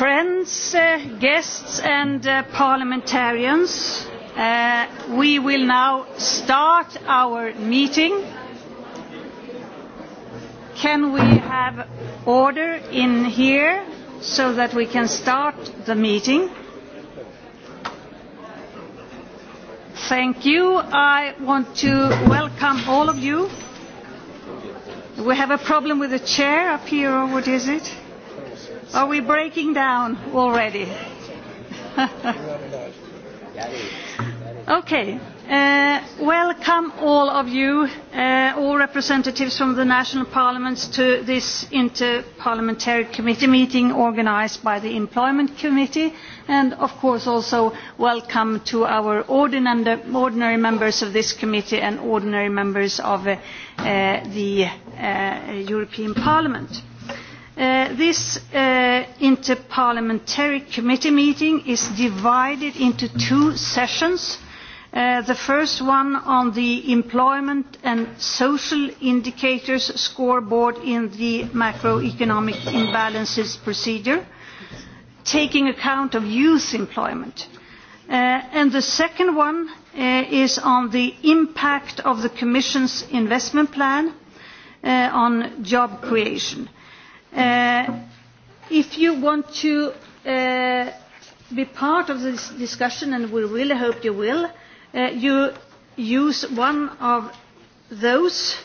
friends uh, guests and uh, parliamentarians uh, we will now start our meeting can we have order in here so that we can start the meeting thank you i want to welcome all of you we have a problem with the chair up here or what is it Are we breaking down already? okay. Uh, welcome all of you, uh, all representatives from the national parliaments to this interparliamentary committee meeting organised by the Employment Committee and of course also welcome to our ordinary members of this committee and ordinary members of uh, uh the uh, European Parliament. Uh, this uh, interparliamentary committee meeting is divided into two sessions uh, the first one on the employment and social indicators scoreboard in the macroeconomic imbalances procedure taking account of youth employment and the second one is on the impact of the commission's investment plan on job creation Uh, if you want to uh, be part of this discussion, and we really hope you will, uh, you use one of those,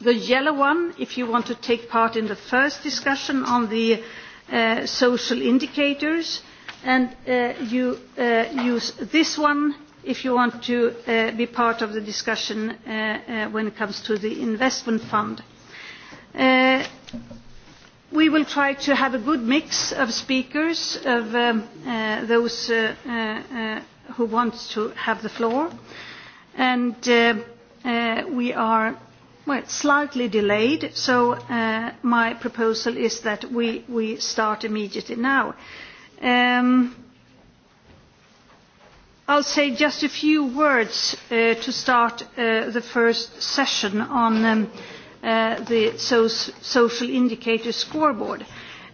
the yellow one, if you want to take part in the first discussion on the social indicators, and you use this one if you want to be part of the discussion when it comes to the investment fund we will try to have a good mix of speakers of um, uh, those uh, uh, uh who want to have the floor and uh, uh, we are well, slightly delayed so my proposal is that we, we start immediately now. Um, I'll say just a few words to start the first session on um, Uh, the social indicator scoreboard.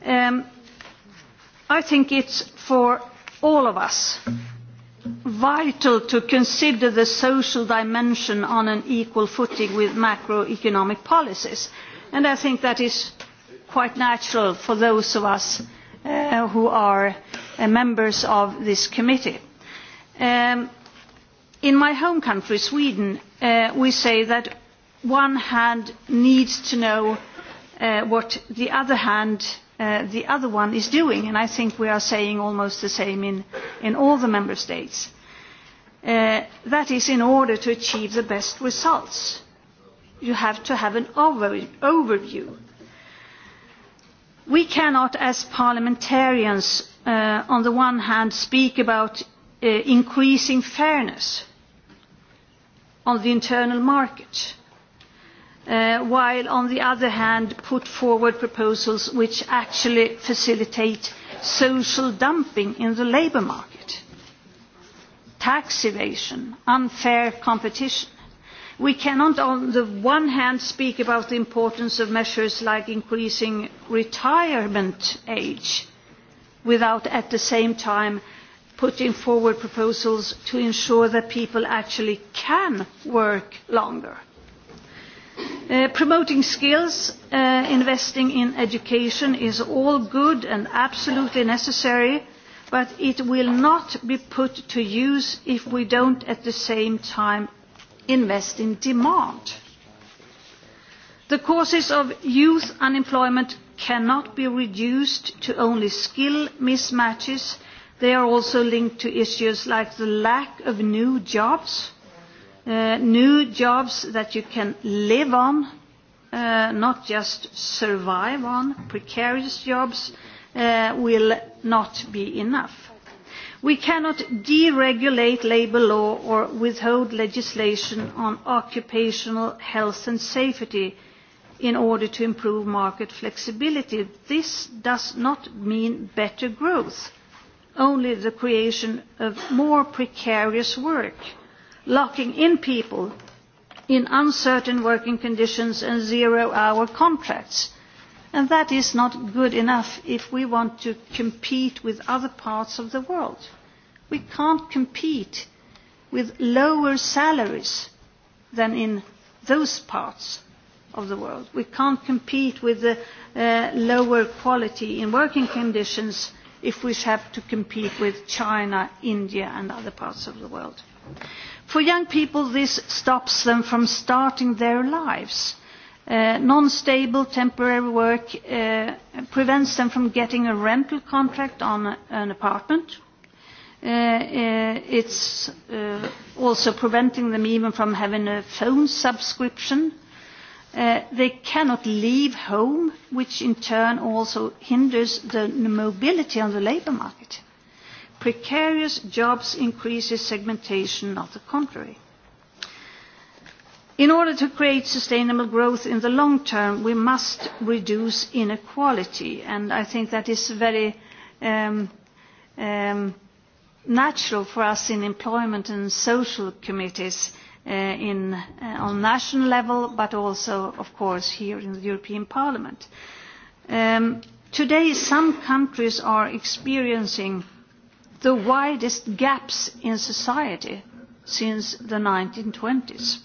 Um, I think it is for all of us vital to consider the social dimension on an equal footing with macroeconomic policies and I think that is quite natural for those of us uh, who are uh, members of this committee. Um, in my home country, Sweden, we say that one hand needs to know uh, what the other hand uh, the other one is doing and i think we are saying almost the same in, in all the member states uh, that is in order to achieve the best results you have to have an overview we cannot as parliamentarians on the one hand speak about increasing fairness on the internal market Uh, while on the other hand put forward proposals which actually facilitate social dumping in the labour market tax evasion unfair competition. we cannot on the one hand speak about the importance of measures like increasing retirement age without at the same time putting forward proposals to ensure that people actually can work longer Uh, promoting skills, uh, investing in education is all good and absolutely necessary, but it will not be put to use if we don't at the same time invest in demand. The causes of youth unemployment cannot be reduced to only skill mismatches. They are also linked to issues like the lack of new jobs Uh, new jobs that you can live on, uh, not just survive on, precarious jobs uh, will not be enough. We cannot deregulate labour law or withhold legislation on occupational health and safety in order to improve market flexibility. This does not mean better growth, only the creation of more precarious work locking in people in uncertain working conditions and zero hour contracts and that is not good enough if we want to compete with other parts of the world. we cannot compete with lower salaries than in those parts of the world. we cannot compete with the, uh, lower quality in working conditions if we have to compete with china india and other parts of the world for young people this stops them from starting their lives uh, non stable temporary work uh, prevents them from getting a rental contract on an apartment. Uh, uh it's also preventing them even from having a phone subscription. They cannot leave home, which in turn also hinders the mobility on the labour market. Precarious jobs increases segmentation, not the contrary. In order to create sustainable growth in the long term, we must reduce inequality, and I think that is very um, um, natural for us in employment and social committees uh, uh, on national level, but also, of course, here in the European Parliament. Um, today, some countries are experiencing the widest gaps in society since the 1920s.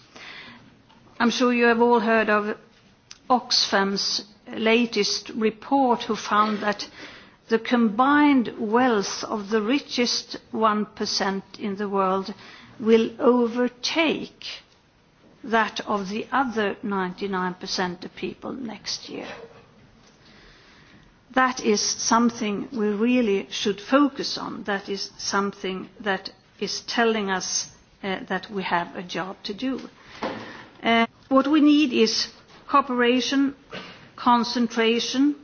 I'm sure you have all heard of Oxfam's latest report who found that the combined wealth of the richest 1% in the world will overtake that of the other 99% of people next year that is something we really should focus on. That is something that is telling us uh, that we have a job to do. Uh, what we need is cooperation, concentration.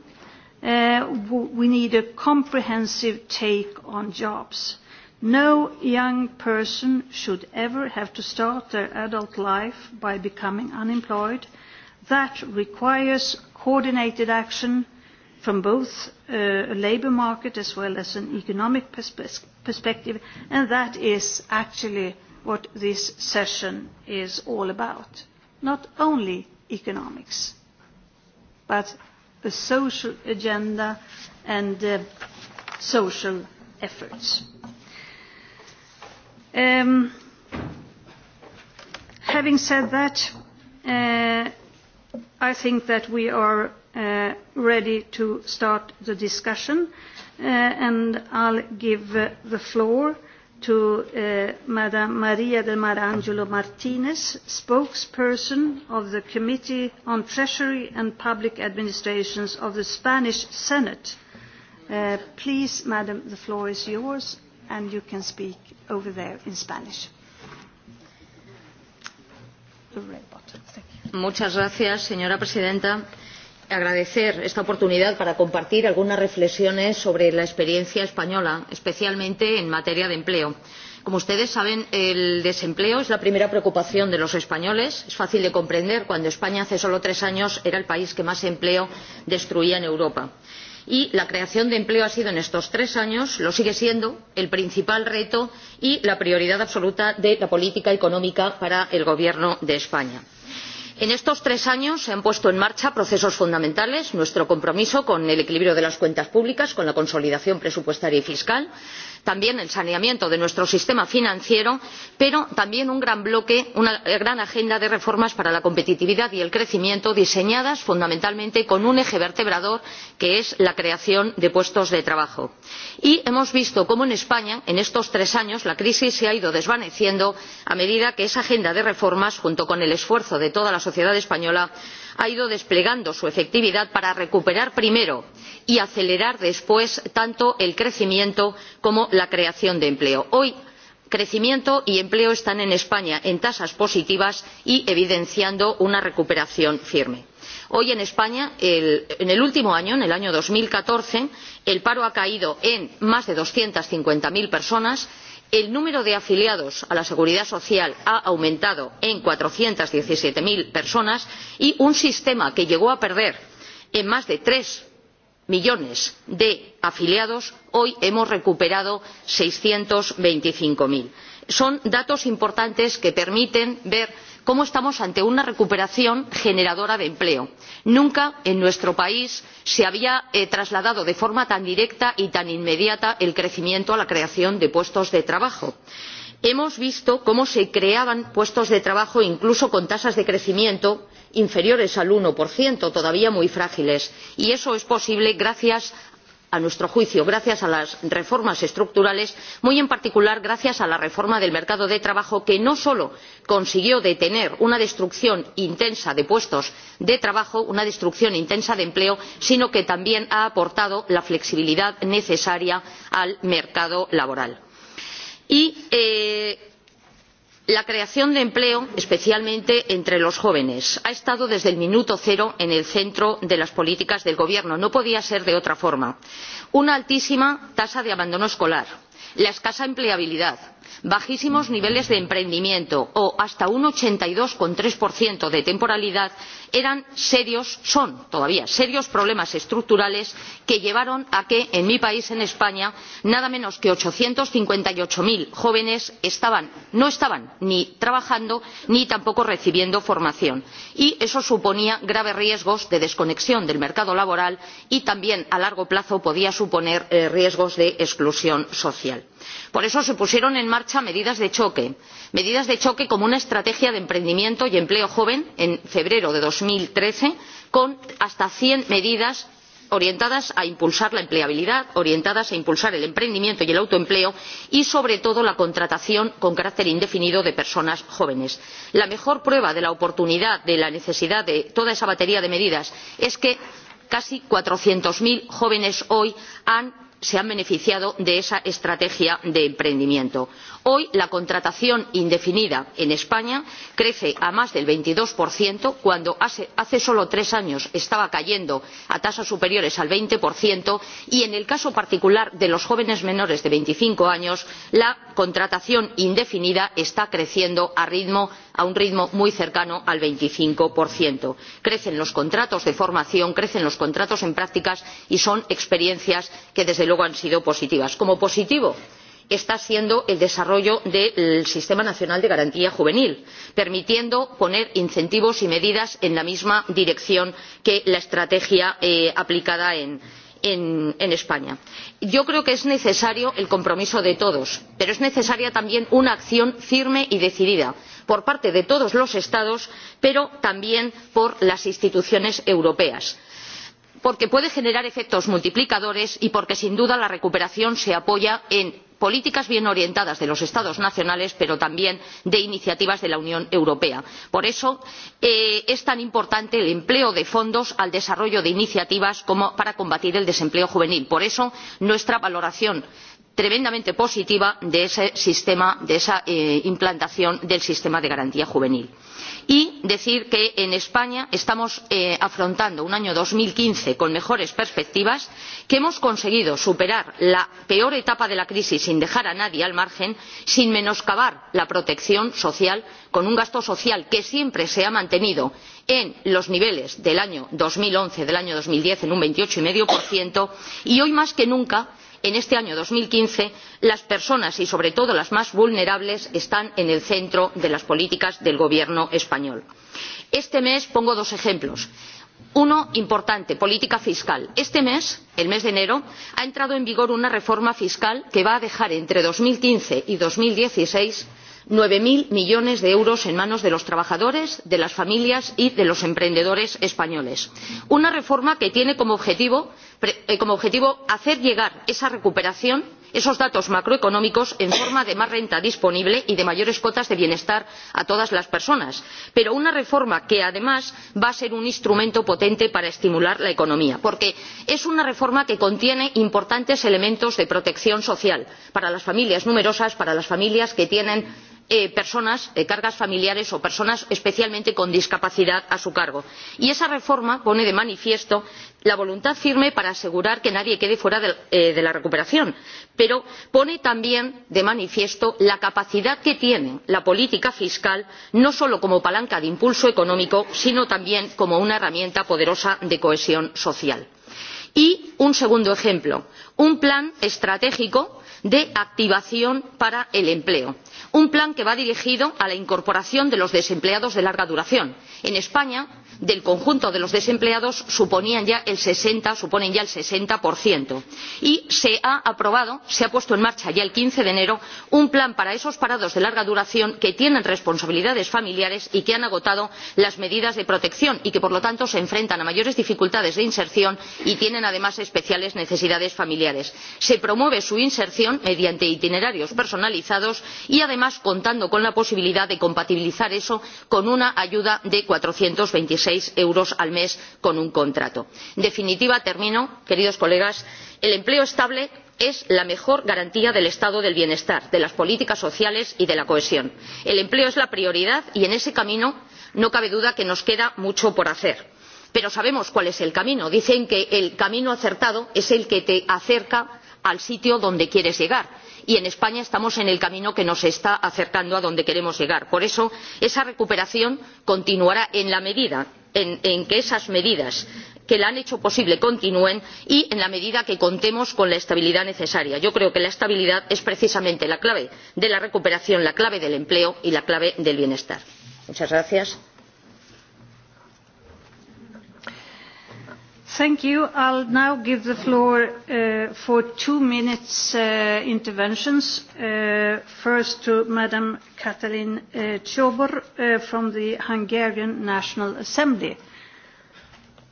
Uh, we need a comprehensive take on jobs. No young person should ever have to start their adult life by becoming unemployed. That requires coordinated action – from both uh, a labour market as well as an economic perspective and that is actually what this session is all about not only economics but a social agenda and uh, social efforts. Um, having said that uh, i think that we are Uh, ready to start the discussion uh, and I'll give uh, the floor to Madam Maria del Marangelo Martinez, spokesperson of the Committee on Treasury and Public Administrations of the Spanish Senate. Please, Madam, the floor is yours and you can speak over there in Spanish. The Muchas gracias, señora presidenta agradecer esta oportunidad para compartir algunas reflexiones sobre la experiencia española especialmente en materia de empleo. como ustedes saben el desempleo es la primera preocupación de los españoles es fácil de comprender cuando españa hace solo tres años era el país que más empleo destruía en europa y la creación de empleo ha sido en estos tres años lo sigue siendo el principal reto y la prioridad absoluta de la política económica para el gobierno de españa en estos tres años se han puesto en marcha procesos fundamentales nuestro compromiso con el equilibrio de las cuentas públicas con la consolidación presupuestaria y fiscal también el saneamiento de nuestro sistema financiero pero también un gran bloque una gran agenda de reformas para la competitividad y el crecimiento diseñadas fundamentalmente con un eje vertebrador que es la creación de puestos de trabajo. y hemos visto cómo en españa en estos tres años la crisis se ha ido desvaneciendo a medida que esa agenda de reformas junto con el esfuerzo de toda la sociedad española ha ido desplegando su efectividad para recuperar primero y acelerar después tanto el crecimiento como la creación de empleo. hoy crecimiento y empleo están en españa en tasas positivas y evidenciando una recuperación firme. hoy en españa en el último año en el año dos mil catorce el paro ha caído en más de doscientos cincuenta cero personas el número de afiliados a la seguridad social ha aumentado en cuatrocientos diecisiete cero personas y un sistema que llegó a perder en más de tres millones de afiliados hoy hemos recuperado seiscientos veinticinco cero son datos importantes que permiten ver cómo estamos ante una recuperación generadora de empleo. nunca en nuestro país se había eh, trasladado de forma tan directa y tan inmediata el crecimiento a la creación de puestos de trabajo. hemos visto cómo se creaban puestos de trabajo incluso con tasas de crecimiento inferiores al uno todavía muy frágiles y eso es posible gracias a nuestro juicio gracias a las reformas estructurales muy en particular gracias a la reforma del mercado de trabajo que no solo consiguió detener una destrucción intensa de puestos de trabajo una destrucción intensa de empleo sino que también ha aportado la flexibilidad necesaria al mercado laboral. y eh, la creación de empleo especialmente entre los jóvenes ha estado desde el minuto cero en el centro de las políticas del gobierno no podía ser de otra forma una altísima tasa de abandono escolar la escasa empleabilidad bajísimos niveles de emprendimiento o hasta un ochenta y dos tres de temporalidad eran serios son todavía serios problemas estructurales que llevaron a que en mi país en españa nada menos que ochocientos cincuenta y ocho cero jóvenes no estaban ni trabajando ni tampoco recibiendo formación y eso suponía graves riesgos de desconexión del mercado laboral y también a largo plazo podía suponer eh, riesgos de exclusión social por eso se pusieron en marcha medidas de choque medidas de choque como una estrategia de emprendimiento y empleo joven en febrero de dos mil trece con hasta cien medidas orientadas a impulsar la empleabilidad orientadas a impulsar el emprendimiento y el autoempleo y sobre todo la contratación con carácter indefinido de personas jóvenes. la mejor prueba de la oportunidad de la necesidad de toda esa batería de medidas es que casi cuatrocientos cero jóvenes hoy han se han beneficiado de esa estrategia de emprendimiento hoy la contratación indefinida en españa crece a más del veintidós cuando hace, solo tres años estaba cayendo a tasas superiores al veinte y en el caso particular de los jóvenes menores de veinticinco años la contratación indefinida está creciendo a, a un ritmo muy cercano al veinticinco crecen los contratos de formación crecen los contratos en prácticas y son experiencias que desde luego han sido positivas. como positivo está siendo el desarrollo del sistema nacional de garantía juvenil permitiendo poner incentivos y medidas en la misma dirección que la estrategia eh, aplicada en españa. yo creo que es necesario el compromiso de todos pero es necesaria también una acción firme y decidida por parte de todos los estados pero también por las instituciones europeas porque puede generar efectos multiplicadores y porque sin duda la recuperación se apoya en políticas bien orientadas de los estados nacionales pero también de iniciativas de la unión europea. por eso eh, es tan importante el empleo de fondos al desarrollo de iniciativas como para combatir el desempleo juvenil. por eso nuestra valoración tremendamente positiva de ese sistema de esa eh, implantación del sistema de garantía juvenil y decir que en españa estamos eh, afrontando un año dos mil quince con mejores perspectivas que hemos conseguido superar la peor etapa de la crisis sin dejar a nadie al margen sin menoscabar la protección social con un gasto social que siempre se ha mantenido en los niveles del año dos mil once del año dos mil diez en un veintiocho cinco y hoy más que nunca en este año dos mil quince las personas y sobre todo las más vulnerables están en el centro de las políticas del gobierno español. este mes pongo dos ejemplos uno importante política fiscal este mes el mes de enero ha entrado en vigor una reforma fiscal que va a dejar entre dos mil quince y dos mil dieciseis nueve cero millones de euros en manos de los trabajadores de las familias y de los emprendedores españoles una reforma que tiene como objetivo, eh, como objetivo hacer llegar esa recuperación esos datos macroeconómicos en forma de más renta disponible y de mayores cuotas de bienestar a todas las personas pero una reforma que además va a ser un instrumento potente para estimular la economía porque es una reforma que contiene importantes elementos de protección social para las familias numerosas para las familias que tienen Eh, personas eh, cargas familiares o personas especialmente con discapacidad a su cargo y esa reforma pone de manifiesto la voluntad firme para asegurar que nadie quede fuera eh, de la recuperación pero pone también de manifiesto la capacidad que tiene la política fiscal no solo como palanca de impulso económico sino también como una herramienta poderosa de cohesión social. y un segundo ejemplo un plan estratégico de activación para el empleo un plan que va dirigido a la incorporación de los desempleados de larga duración en españa del conjunto de los desempleados suponían ya el 60, suponen ya el 60%. Y se ha aprobado, se ha puesto en marcha ya el 15 de enero, un plan para esos parados de larga duración que tienen responsabilidades familiares y que han agotado las medidas de protección y que, por lo tanto, se enfrentan a mayores dificultades de inserción y tienen, además, especiales necesidades familiares. Se promueve su inserción mediante itinerarios personalizados y, además, contando con la posibilidad de compatibilizar eso con una ayuda de cuatrocientos veintiséis seis euros al mes con un contrato. en definitiva termino queridos colegas el empleo estable es la mejor garantía del estado del bienestar de las políticas sociales y de la cohesión. el empleo es la prioridad y en ese camino no cabe duda que nos queda mucho por hacer pero sabemos cuál es el camino. dicen que el camino acertado es el que te acerca al sitio donde quieres llegar y en españa estamos en el camino que nos está acercando a donde queremos llegar. por eso esa recuperación continuará en la medida en, que esas medidas que la han hecho posible continúen y en la medida en que contemos con la estabilidad necesaria. yo creo que la estabilidad es precisamente la clave de la recuperación la clave del empleo y la clave del bienestar. muchas gracias. Thank you. I'll now give the floor uh, for two minutes uh, interventions. Uh, first to Madam Katalin Czobor from the Hungarian National Assembly.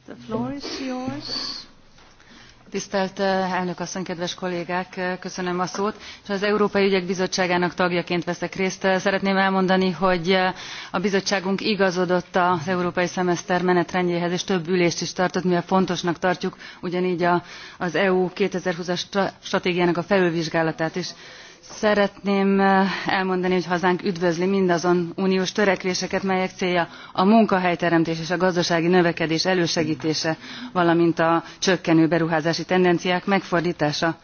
The floor is yours tisztelt eh, elnök asszony kedves kollégák eh, köszönöm a szót és az európai ügyek bizottságának tagjaként veszek részt. Eh, szeretném elmondani hogy a bizottságunk igazodott az európai szemeszter menetrendjéhez és több ülést is tartott mivel fontosnak tartjuk ugyangy az eu 2020 as stratégiának a felülvizsgálatát is szeretném eh, elmondani hogy hazánk üdvözli mindazon uniós törekvéseket melyek célja a munkahelyteremtés és a gazdasági növekedés elősegítése, valamint a csökkenő beruházási tendenciák megfordítása.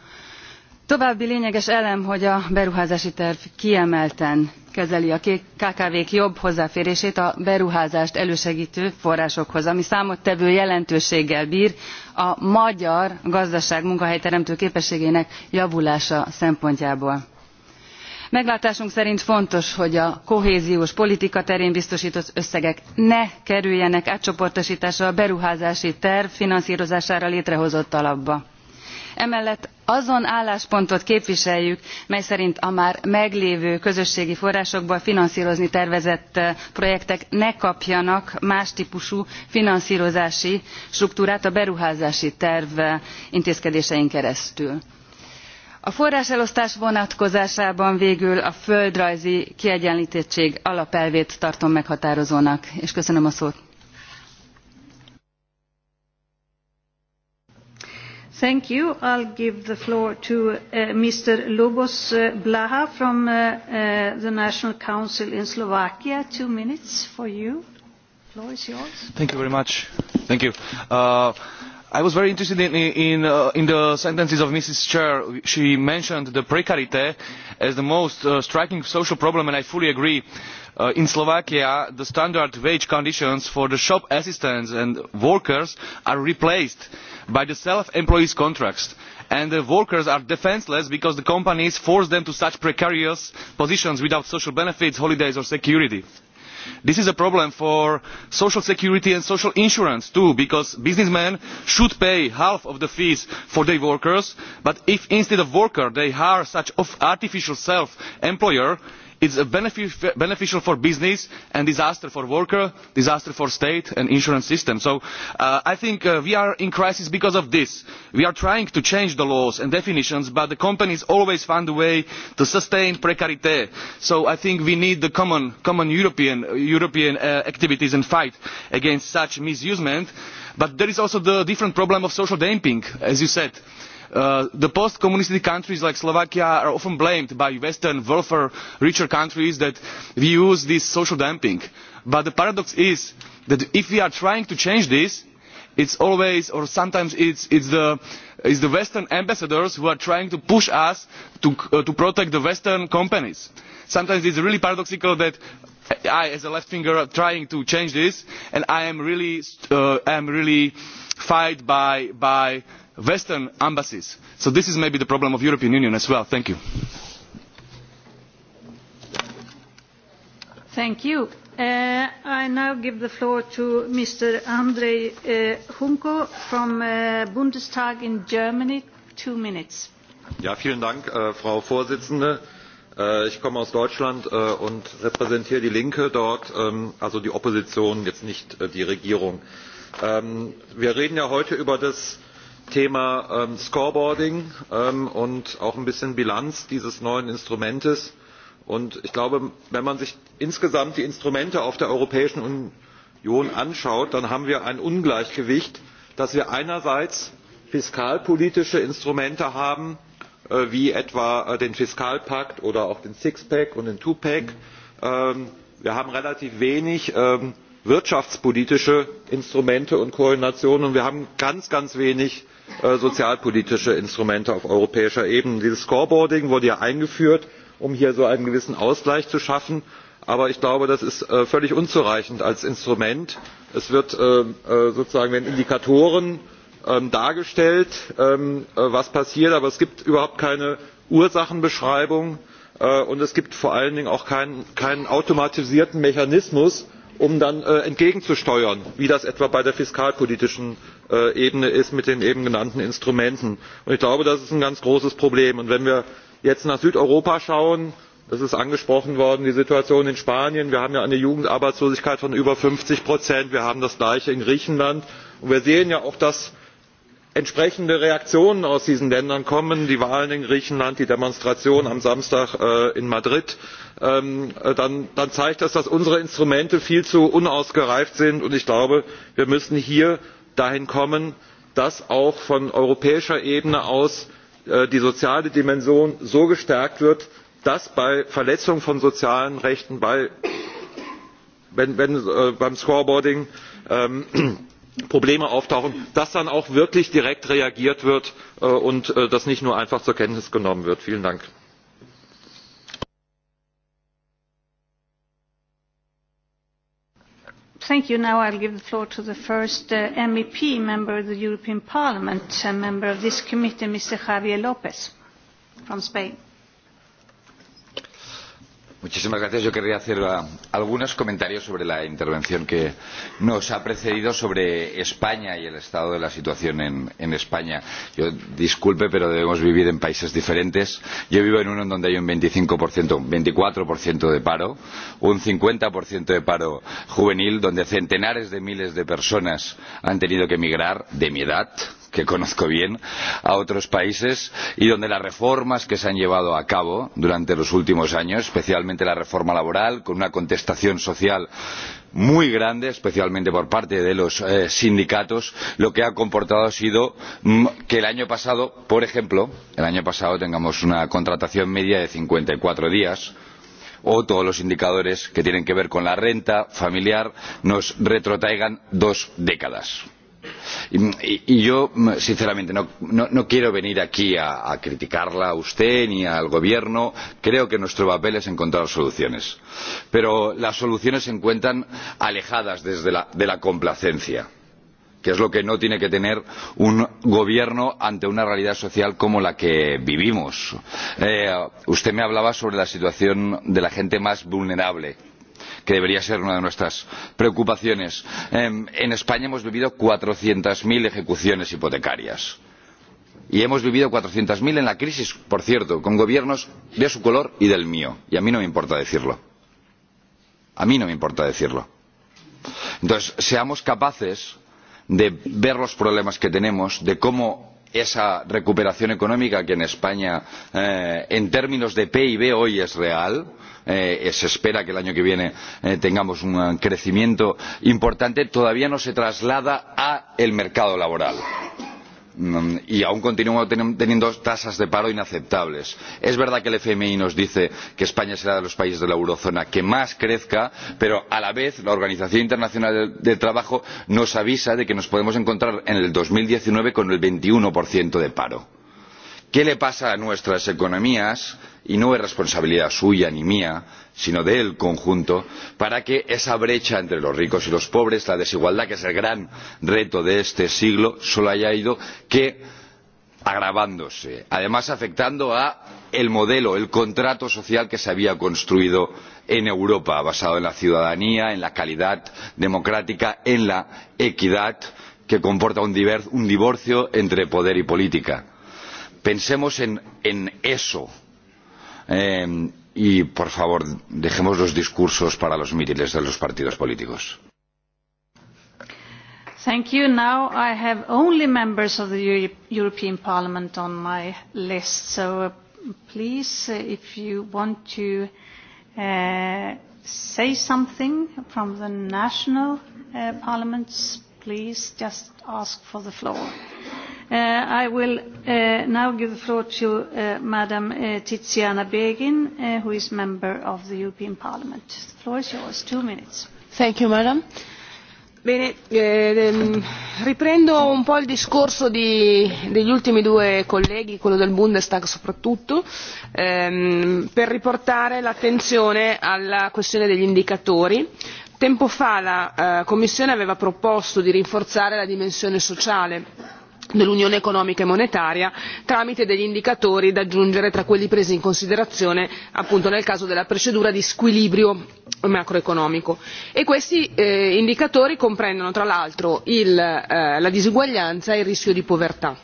további lényeges elem hogy a beruházási terv kiemelten kezeli a kkv k jobb hozzáférését a beruházást elősegítő forrásokhoz ami számottevő jelentőséggel bír a magyar gazdaság munkahelyteremtő képességének javulása szempontjából meglátásunk szerint fontos hogy a kohéziós politika terén biztostott összegek ne kerüljenek átcsoportostásra a beruházási terv finanszrozására létrehozott alapba emellett azon álláspontot képviseljük mely szerint a már meglévő közösségi forrásokból finanszrozni tervezett eh, projektek ne kapjanak más tpusú finanszrozási struktúrát a beruházási terv eh, intézkedésein keresztül a forráselosztás vonatkozásában végül a földrajzi kiegyenltettség alapelvét tartom meghatározónak és köszönöm a szót. Thank you. I'll give the floor to uh, Mr. Lubos uh, Blaha from uh, uh, the National Council in Slovakia. Two minutes for you. The floor is yours. Thank you very much. Thank you. Uh, i was very interested in, in, uh, the sentences of mrs chair she mentioned the precarity as the most uh, striking social problem and i fully agree. Uh, in slovakia the standard wage conditions for the shop assistants and workers are replaced by the self employed contracts and the workers are defenceless because the companies force them to such precarious positions without social benefits holidays or security this is a problem for social security and social insurance too because businessmen should pay half of the fees for their workers but if instead of workers they hire such an artificial self employer it is beneficial for business and disaster for workers disaster for state and insurance systems. so uh, i think uh, we are in crisis because of this. we are trying to change the laws and definitions but the companies always find a way to sustain precarity. so i think we need the common, european, uh, activities and fight against such misuse. but there is also the different problem of social dumping as you said Uh, the post communist countries like slovakia are often blamed by western welfare richer countries that we use this social dumping but the paradox is that if we are trying to change this is always or sometimes it is the, western ambassadors who are trying to push us to, uh, protect the western companies. sometimes it is really paradoxical that i as a left winger am trying to change this and i am really, fighting uh, am really by western embassies. so this is maybe the problem of the european union as well. thank you. Thank you. Uh, i now give the floor to mr andrej uh, hunko from the uh, bundestag in germany. two minutes. Ja, vielen dank äh, frau präsidentin! Äh, ich komme aus deutschland äh, und repräsentiere die linke dort ähm, also die opposition jetzt nicht die regierung. Ähm, wir reden ja heute über das thema ähm, scoreboarding ähm, und auch ein bisschen bilanz dieses neuen instruments und ich glaube wenn man sich insgesamt die instrumente auf der europäischen union anschaut dann haben wir ein ungleichgewicht dass wir einerseits fiskalpolitische instrumente haben äh, wie etwa äh, den fiskalpakt oder auch den sixpack und den twopack ähm, wir haben relativ wenig wirtschaftspolitische instrumente und koordination und wir haben ganz ganz wenig Äh, sozialpolitische instrumente auf europäischer ebene. dieses scoreboarding wurde ja eingeführt um hier so einen gewissen ausgleich zu schaffen aber ich glaube das ist äh, völlig unzureichend als instrument. es wird äh, sozusagen indikatoren ähm, dargestellt ähm, was passiert aber es gibt überhaupt keine ursachenbeschreibung und es gibt vor allen dingen auch keinen automatisierten mechanismus um dann äh, entgegenzusteuern wie das etwa bei der fiskalpolitischen äh, ebene ist mit den eben genannten instrumenten. Und ich glaube das ist ein ganz großes problem. wenn wir jetzt nach südeuropa schauen das ist angesprochen worden die situation in spanien wir haben ja eine jugendarbeitslosigkeit von über fünfzig wir haben das gleiche in griechenland und wir sehen ja auch dass entsprechende reaktionen aus diesen ländern kommen die wahlen in griechenland die demonstration am samstag äh, in madrid ähm, äh, dann zeigt das dass unsere instrumente viel zu unausgereift sind und ich glaube wir müssen hier dahin kommen dass auch von europäischer ebene aus äh, die soziale dimension so gestärkt wird dass bei verletzung von sozialen rechten beim scoreboarding ähm, probleme auftauchen dass dann auch wirklich direkt reagiert wird äh, und äh, das nicht nur einfach zur kenntnis genommen wird. vielen dank! Thank you. Now I'll give the floor to the first uh, MEP member of the European Parliament, a member of this committee, Mr. Javier Lopez from Spain. Muchísimas gracias. Yo querría hacer ah, algunos comentarios sobre la intervención que nos ha precedido sobre España y el estado de la situación en, España. Yo disculpe, pero debemos vivir en países diferentes. Yo vivo en uno en donde hay un 25%, un 24% de paro, un 50% de paro juvenil, donde centenares de miles de personas han tenido que emigrar de mi edad que conozco bien a otros países y donde las reformas que se han llevado a cabo durante los últimos años especialmente la reforma laboral con una contestación social muy grande especialmente por parte de los eh, sindicatos lo que ha comportado ha sido mm, que el año pasado por ejemplo el año pasado tengamos una contratación media de cincuenta y cuatro días o todos los indicadores que tienen que ver con la renta familiar nos retrotraigan dos décadas y, yo mm, sinceramente no, quiero venir aquí a, criticarla a usted ni al gobierno creo que nuestro papel es encontrar soluciones pero las soluciones se encuentran alejadas desde de la complacencia que es lo que no tiene que tener un gobierno ante una realidad social como la que vivimos. Eh, usted me hablaba sobre la situación de la gente más vulnerable que debería ser una de nuestras preocupaciones. en españa hemos vivido cuatrocientos cero ejecuciones hipotecarias y hemos vivido cuatrocientos cero en la crisis por cierto con gobiernos de su color y del mío y a mí no me importa decirlo. a mí no me importa decirlo. entonces seamos capaces de ver los problemas que tenemos de cómo esa recuperación económica que en españa eh, en términos de pib hoy es real eh, se espera que el año que viene eh, tengamos un crecimiento importante todavía no se traslada al mercado laboral Mm, y aún continúa teniendo tasas de paro inaceptables. es verdad que el fmi nos dice que españa será de los países de la eurozona que más crezca pero a la vez la organización internacional del trabajo nos avisa de que nos podemos encontrar en dos mil diecinueve con el veintiuno de paro. qué le pasa a nuestras economías que y no es responsabilidad suya ni mía sino del conjunto para que esa brecha entre los ricos y los pobres la desigualdad que es el gran reto de este siglo solo haya ido que agravándose además afectando al modelo el contrato social que se había construido en europa basado en la ciudadanía en la calidad democrática en la equidad que comporta un, divorcio entre poder y política. pensemos en, en eso eh, y por favor dejemos los discursos para los mítiles de los partidos políticos. Thank you. Now I have only members of the European Parliament on my list, so uh, please, uh, if you want to uh, say something from the national uh, parliaments, please just ask for the floor. Uh, I will uh, now give the floor to uh, Madam Tiziana who is member of the European Parliament. floor is yours. Two minutes. Madam. Bene, eh, ehm, riprendo un po' il discorso degli ultimi due colleghi, quello del Bundestag soprattutto, ehm, per riportare l'attenzione alla questione degli indicatori. Tempo fa la eh, Commissione aveva proposto di rinforzare la dimensione sociale dell'unione economica e monetaria tramite degli indicatori da aggiungere tra quelli presi in considerazione appunto nel caso della procedura di squilibrio macroeconomico e questi eh, indicatori comprendono tra l'altro eh, la disuguaglianza e il rischio di povertà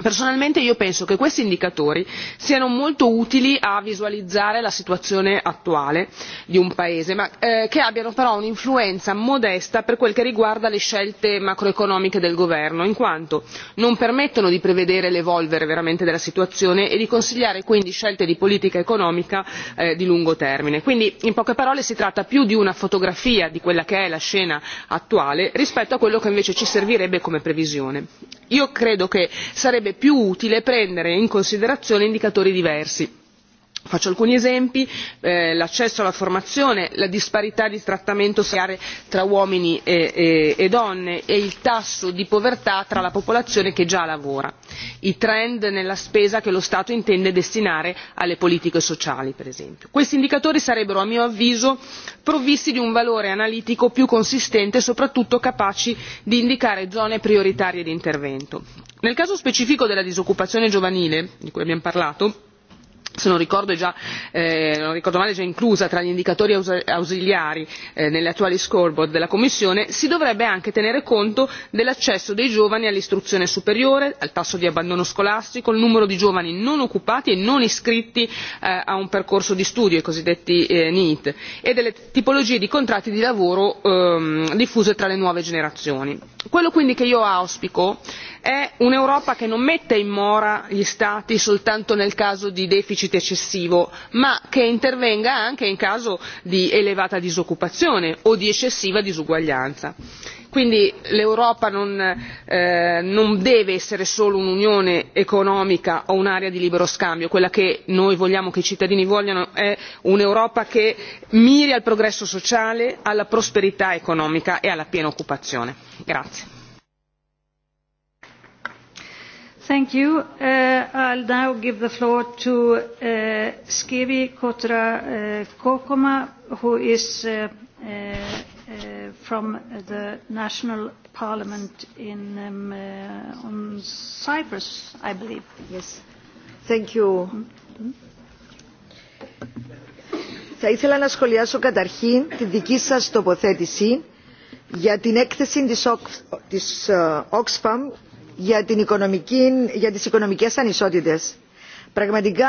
personalmente io penso che questi indicatori siano molto utili a visualizzare la situazione attuale di un paese ma eh, che abbiano però un'influenza modesta per quel che riguarda le scelte macroeconomiche del governo in quanto non permettono di prevedere l'evolvere veramente della situazione e di consigliare quindi scelte di politica economica eh, di lungo termine. quindi in poche parole si tratta più di una fotografia di quella che è la scena attuale rispetto a quello che invece ci servirebbe come previsione io credo che sarebbe più utile prendere in considerazione indicatori diversi faccio alcuni esempi eh, l'accesso alla formazione la disparità di trattamento salariale tra uomini e, e, e donne e il tasso di povertà tra la popolazione che già lavora i trend nella spesa che lo stato intende destinare alle politiche sociali per esempio. questi indicatori sarebbero a mio avviso provvisti di un valore analitico più consistente e soprattutto capaci di indicare zone prioritarie di intervento. nel caso specifico della disoccupazione giovanile di cui abbiamo parlato se non eh, ricordo, male già inclusa tra gli indicatori ausiliari eh, nelle attuali scoreboard della commissione si dovrebbe anche tenere conto dell'accesso dei giovani all'istruzione superiore al tasso di abbandono scolastico al numero di giovani non occupati e non iscritti eh, a un percorso di studio i cosiddetti neet e delle tipologie di contratti di lavoro ehm, diffuse tra le nuove generazioni. quello quindi che io auspico è un'europa che non mette in mora gli stati soltanto nel caso di deficit deficit eccessivo ma che intervenga anche in caso di elevata disoccupazione o di eccessiva disuguaglianza. quindi l'europa eh, non, deve essere solo un'unione economica o un'area di libero scambio quella che noi vogliamo che i cittadini vogliano è un'europa che miri al progresso sociale alla prosperità economica e alla piena occupazione. Thank you. Uh, I'll now give the floor to Skivi Kotra uh, Kokoma, who is uh, uh, from the National Parliament in um, on Cyprus, I believe. Yes. Thank you. Mm -hmm. Θα ήθελα να σχολιάσω καταρχήν τη δική σας τοποθέτηση για την έκθεση της Oxfam για, την οικονομική, για τις οικονομικές ανισότητες. Πραγματικά,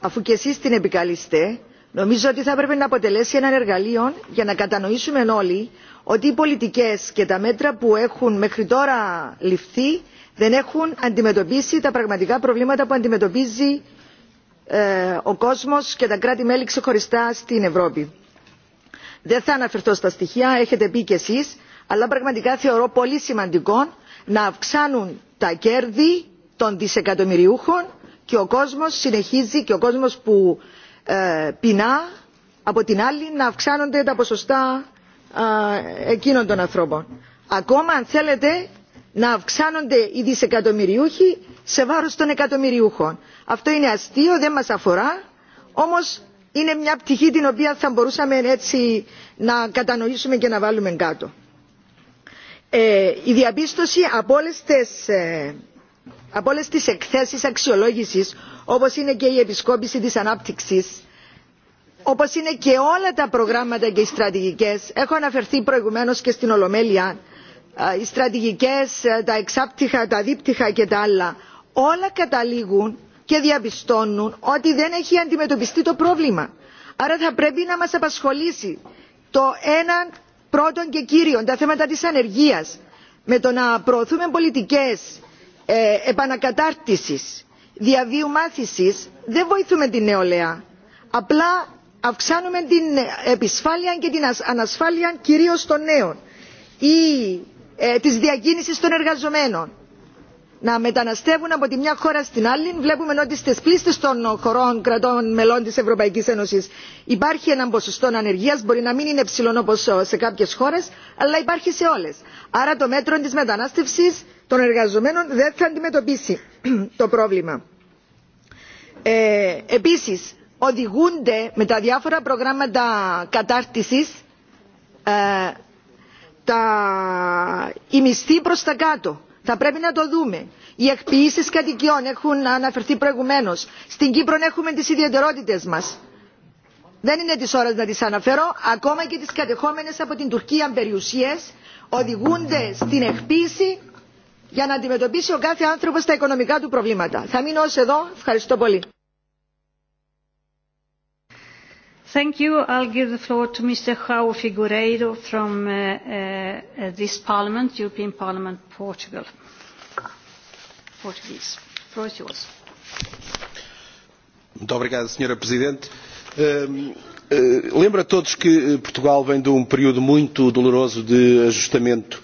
αφού και εσείς την επικαλείστε, νομίζω ότι θα έπρεπε να αποτελέσει ένα εργαλείο για να κατανοήσουμε όλοι ότι οι πολιτικές και τα μέτρα που έχουν μέχρι τώρα ληφθεί δεν έχουν αντιμετωπίσει τα πραγματικά προβλήματα που αντιμετωπίζει ε, ο κόσμος και τα κράτη μέλη ξεχωριστά στην Ευρώπη. Δεν θα αναφερθώ στα στοιχεία, έχετε πει κι εσείς, αλλά πραγματικά θεωρώ πολύ σημαντικό να αυξάνουν τα κέρδη των δισεκατομμυριούχων και ο κόσμος συνεχίζει και ο κόσμος που ε, πεινά από την άλλη να αυξάνονται τα ποσοστά ε, εκείνων των ανθρώπων. Ακόμα αν θέλετε να αυξάνονται οι δισεκατομμυριούχοι σε βάρος των εκατομμυριούχων. Αυτό είναι αστείο, δεν μας αφορά, όμως είναι μια πτυχή την οποία θα μπορούσαμε έτσι να κατανοήσουμε και να βάλουμε κάτω η διαπίστωση από όλες τις, από όλες τις εκθέσεις αξιολόγησης όπως είναι και η επισκόπηση της ανάπτυξης όπως είναι και όλα τα προγράμματα και οι στρατηγικές έχω αναφερθεί προηγουμένως και στην ολομέλεια οι στρατηγικές τα εξάπτυχα τα δίπτυχα και τα άλλα όλα καταλήγουν και διαπιστώνουν ότι δεν έχει αντιμετωπιστεί το πρόβλημα. άρα θα πρέπει να μας απασχολήσει το έναν πρώτον και κύριον τα θέματα της ανεργίας με το να προωθούμε πολιτικές ε, επανακατάρτισης διαβίου μάθησης δεν βοηθούμε την νεολαία απλά αυξάνουμε την επισφάλεια και την ανασφάλεια κυρίως των νέων ή ε, της διακίνησης των εργαζομένων να μεταναστεύουν από τη μια χώρα στην άλλη βλέπουμε ότι στι πλήστε των χωρών κρατών μελών τη ευρωπαϊκή ένωση υπάρχει ένα ποσοστό ανεργία μπορεί να μην είναι ψηλό όπω σε κάποιε χώρε αλλά υπάρχει σε όλε. άρα το μέτρο τη μετανάστευση των εργαζομένων δεν θα αντιμετωπίσει το πρόβλημα. Ε, επίση οδηγούνται με τα διάφορα προγράμματα κατάρτιση ε, τα... οι μισθοί προ τα κάτω θα πρέπει να το δούμε. οι εκποιήσεις κατοικιών έχουν αναφερθεί προηγουμένως. στην κύπρο έχουμε τις ιδιαιτερότητες μας. δεν είναι τη ώρα να τις αναφέρω. ακόμα και τις κατεχόμενες από την τουρκία περιουσίες οδηγούνται στην εκποίηση για να αντιμετωπίσει ο κάθε άνθρωπος τα οικονομικά του προβλήματα. θα μείνω ως εδώ. ευχαριστώ πολύ. Thank you. I'll give the floor to Mr. Joao Figueiredo from uh, uh, this Parliament, European Parliament, Portugal senhora Presidente. Eh, lembro a todos que eh, Portugal vem de um período muito doloroso de ajustamento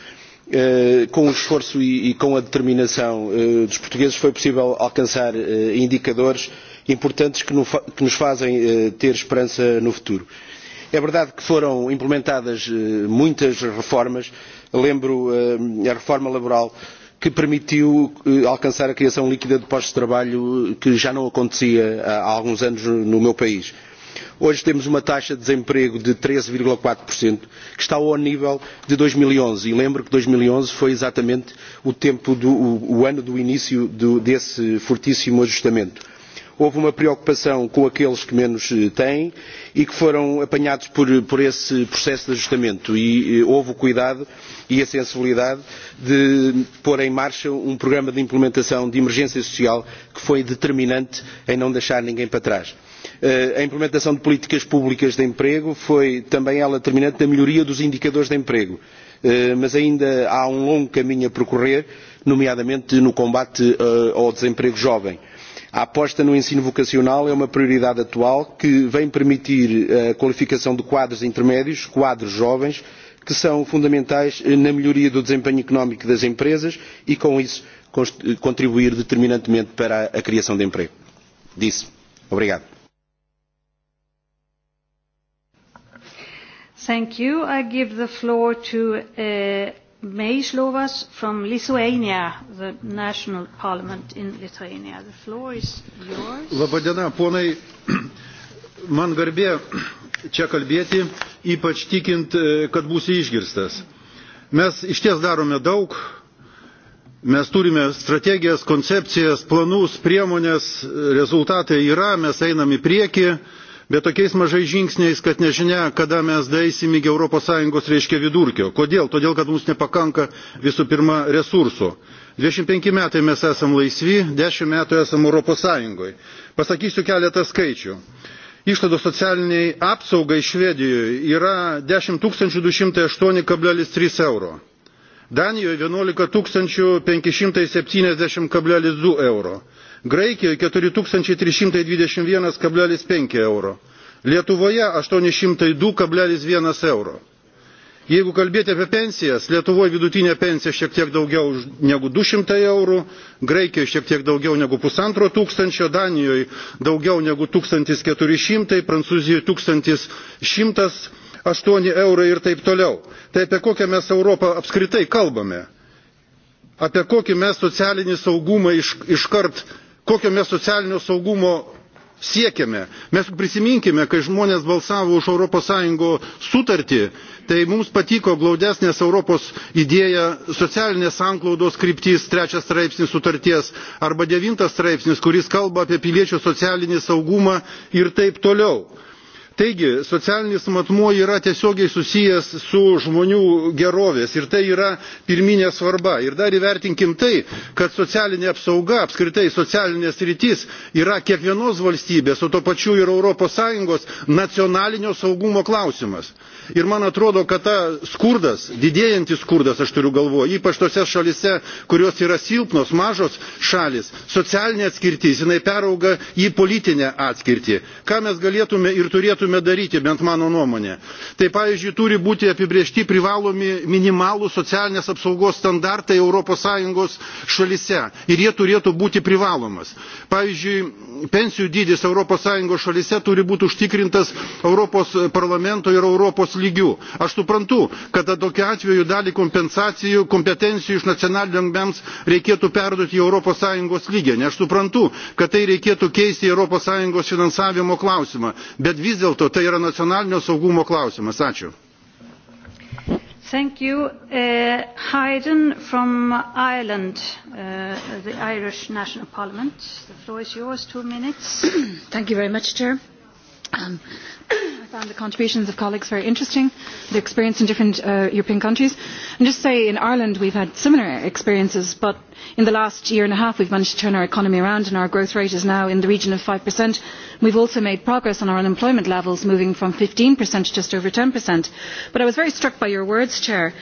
eh, com o esforço e, e com a determinação dos portugueses foi possível alcançar indicadores importantes que nos fazem ter esperança no futuro. é verdade que foram implementadas muitas reformas lembro a reforma laboral que permitiu eh, alcançar a criação líquida de postos de trabalho eh, que já não acontecia eh, há alguns anos no meu país. Hoje temos uma taxa de desemprego de 13,4%, que está ao nível de 2011. E, e lembro que 2011 e foi exatamente o, tempo do, o, ano do início desse fortíssimo ajustamento houve uma preocupação com aqueles que menos eh, têm e que foram apanhados por, eh, por esse processo de ajustamento e eh, houve o cuidado e a sensibilidade de pôr em marcha um programa de implementação de emergência social que foi determinante em não deixar ninguém para trás. A implementação de políticas públicas de emprego foi também ela determinante na melhoria dos indicadores de emprego, mas ainda há um longo caminho a percorrer, nomeadamente no combate ao desemprego jovem a aposta no ensino vocacional é uma prioridade atual que vem permitir eh, a qualificação de quadros intermédios quadros jovens que são fundamentais eh, na melhoria do desempenho económico das empresas e com isso contribuir determinantemente para a criação de emprego. Disse. Obrigado. Thank you. I give the floor to eh, Meislovas from Lithuania, the national parliament in Lithuania. The floor is yours. Labadiena, ponai. Man garbė čia kalbėti, ypač tikint, e, kad būsi išgirstas. Mes išties darome daug, mes turime strategijas, koncepcijas, planus, priemonės, rezultatai yra, mes einam į priekį bet tokiais mažais žingsniais kad nežinia kada mes daeisim iki europos sąjungos reiškia vidurkio. kodėl? todėl kad mums nepakanka visų pirma resursų. dvidešimt penki metai mes esame laisvi dešimt metų esame europos sąjungoje. pasakysiu keletą skaičių išlaidos socialinei apsaugai švedijoje yra dešimt du šimtai aštuoni trys euro danijoje vienuolika penki šimtai septyniasdešimt du euro graikijoje keturi tūkstančiai trys šimtai dvidešimt vienas penki euro lietuvoje aštuoni šimtai du vienas euro. jeigu kalbėti apie pensijas lietuvoje vidutinė pensija šiek tiek daugiau negu du šimtai eurų graikijoje šiek tiek daugiau negu pusantro tūkstančio danijoje daugiau negu tūkstantis keturi šimtai prancūzijoje tūkstantis šimtas aštuoni eurai ir taip toliau. tai apie kokią mes europą apskritai kalbame? apie kokį mes socialinį saugumą iškart kokio mes socialinio saugumo siekiame mes prisiminkime kai žmonės balsavo už europos sąjungos sutartį tai mums patiko glaudesnės europos idėja socialinės sanklaudos kryptis trečias straipsnis sutarties arba devintas straipsnis kuris kalba apie piliečių socialinį saugumą ir taip toliau taigi socialinis matmuo yra tiesiogiai susijęs su žmonių gerovės ir tai yra pirminė svarba ir dar įvertinkime tai kad socialinė apsauga apskritai socialinės sritis yra kiekvienos valstybės o tuo pačiu ir europos sąjungos nacionalinio saugumo klausimas ir man atrodo kad ta skurdas didėjantis skurdas aš turiu galvoje ypač tose šalyse kurios yra silpnos mažos šalys socialinė atskirtis jinai perauga į politinę atskirtį. ką mes galėtume ir turėtume daryti bent mano nuomone tai pavyzdžiui turi būti apibrėžti privalomi minimalūs socialinės apsaugos standartai europos sąjungos šalyse ir jie turėtų būti privalomas. pavyzdžiui pensijų dydis europos sąjungos šalyse turi būti užtikrintas europos parlamento ir europos lygiu. aš suprantu kad tokiu atveju dalį kompensacijų kompetencijų iš nacionalinių lygmens reikėtų perduoti į europos sąjungos lygmenį aš suprantu kad tai reikėtų keisti europos sąjungos finansavimo klausimą bet vis dėlto tai yra nacionalinio saugumo klausimas. ačiū. Thank you. Uh, Hayden from Ireland, uh, the Irish National Parliament. The floor is yours, two minutes. Thank you very much, Chair. Um, found the contributions of colleagues very interesting, the experience in different uh, European countries. And just say in Ireland we've had similar experiences, but in the last year and a half we have managed to turn our economy around and our growth rate is now in the region of. five we have also made progress on our unemployment levels moving from fifteen to just over. ten but i was very struck by your words Chair,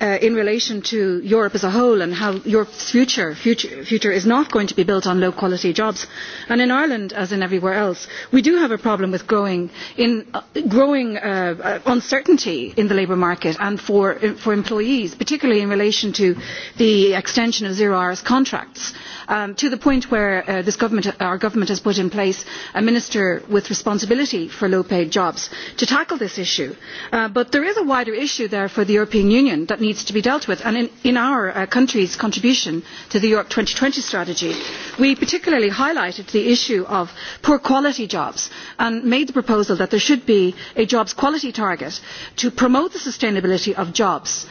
uh, in relation to europe as a whole and how europe's future, future, is not going to be built on low quality jobs. And in ireland as in everywhere else we do have a problem with growing, in, uh, growing uh, uncertainty in the labour market and for, for employees particularly in relation to the extension of zero contracts um, to the point where uh, this government, our government has put in place a minister with responsibility for low paid jobs to tackle this issue. Uh, but there is a wider issue there for the european union that needs to be dealt with and in, our uh, country's contribution to the europe 2020 twenty strategy we particularly highlighted the issue of poor quality jobs and made the proposal that there should be a jobs quality target to promote the sustainability of jobs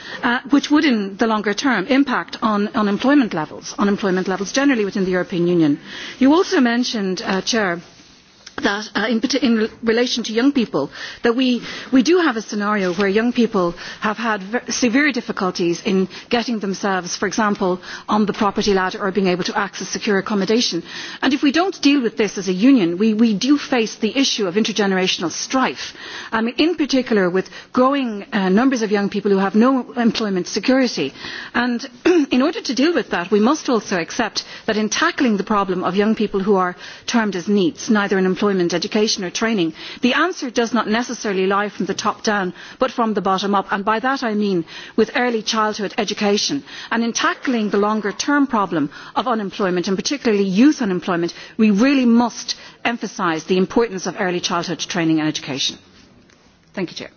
which would in the longer term impact on unemployment levels unemployment levels generally within the european union. you also mentioned uh, chair that uh, in, relation to young people that we, we do have a scenario where young people have had severe difficulties in getting themselves for example on the property ladder or being able to access secure accommodation and if we do not deal with this as a union we, we do face the issue of intergenerational strife um, in particular with growing uh, numbers of young people who have no employment security and in order to deal with that we must also accept that in tackling the problem of young people who are termed as neets neither in employment education or training the answer does not necessarily lie from the top down but from the bottom up and by that i mean with early childhood education and in tackling the longer term problem of unemployment and particularly youth unemployment we really must emphasise the importance of early childhood training and education. Thank you,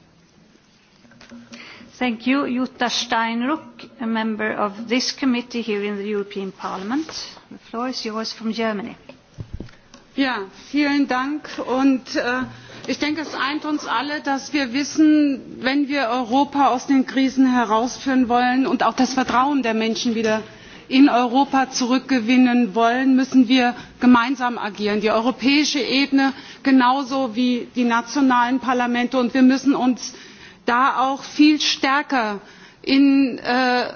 Thank you. Jutta Steinruck, a member of this committee here in the European Parliament. The floor is yours from Germany. Ja, vielen Dank. Äh, ich denke, es eint uns alle, dass wir wissen, wenn wir Europa aus den Krisen herausführen wollen und auch das Vertrauen der Menschen wieder in Europa zurückgewinnen wollen, müssen wir gemeinsam agieren, die europäische Ebene genauso wie die nationalen Parlamente, und wir müssen uns da auch viel stärker in äh,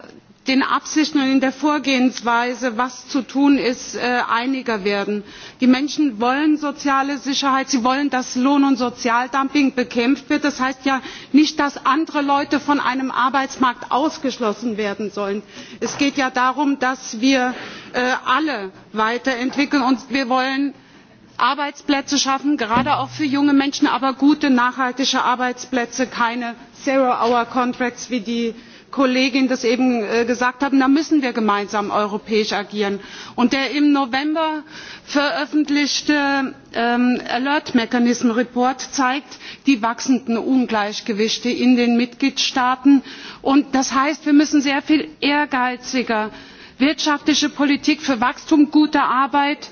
den absichten und in der vorgehensweise was zu tun ist äh, einiger werden. die menschen wollen soziale sicherheit sie wollen dass lohn und sozialdumping bekämpft wird. das heißt ja nicht dass andere leute von einem arbeitsmarkt ausgeschlossen werden sollen. es geht ja darum dass wir äh, alle weiterentwickeln und wir wollen arbeitsplätze schaffen gerade auch für junge menschen aber gute nachhaltige arbeitsplätze keine zero hour contracts wie die kollegin das eben äh, gesagt haben da müssen wir gemeinsam europäisch agieren. und der im november veröffentlichte ähm, alert mechanism report zeigt die wachsenden ungleichgewichte in den mitgliedstaaten und das heißt wir müssen sehr viel ehrgeiziger wirtschaftliche politik für wachstum gute arbeit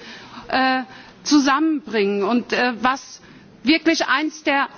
äh, zusammenbringen. und äh, was wirklich eines der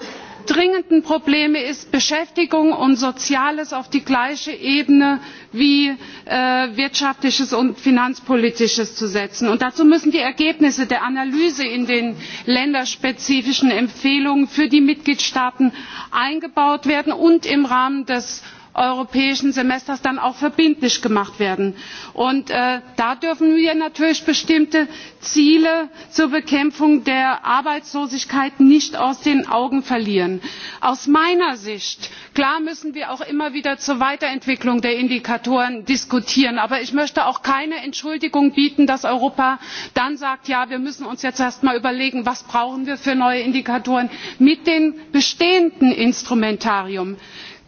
dringenden probleme ist beschäftigung und soziales auf die gleiche ebene wie äh, wirtschaftliches und finanzpolitisches zu setzen. und dazu müssen die ergebnisse der analyse in den länderspezifischen empfehlungen für die mitgliedstaaten eingebaut werden und im rahmen des europäischen semesters dann auch verbindlich gemacht werden. Und äh, da dürfen wir natürlich bestimmte ziele zur bekämpfung der arbeitslosigkeit nicht aus den augen verlieren. aus meiner sicht klar müssen wir auch immer wieder zur weiterentwicklung der indikatoren diskutieren aber ich möchte auch keine entschuldigung bieten dass europa dann sagt ja wir müssen uns jetzt erst einmal überlegen was brauchen wir für neue indikatoren mit dem bestehenden instrumentarium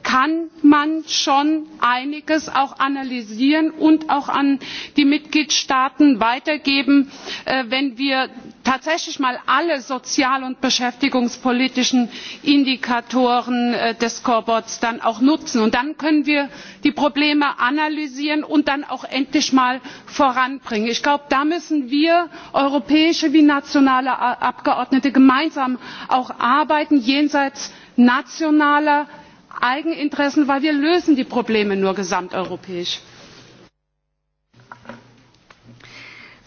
kann man schon einiges auch analysieren und auch an die mitgliedstaaten weitergeben äh, wenn wir tatsächlich mal alle sozial und beschäftigungspolitischen indikatoren äh, des scoreboards dann auch nutzen. dann können wir die probleme analysieren und dann auch endlich mal voranbringen. ich glaube da müssen wir europäische wie nationale abgeordnete gemeinsam auch arbeiten jenseits nationaler eigeninteressen weil wir lösen die probleme nur gesamteuropäisch.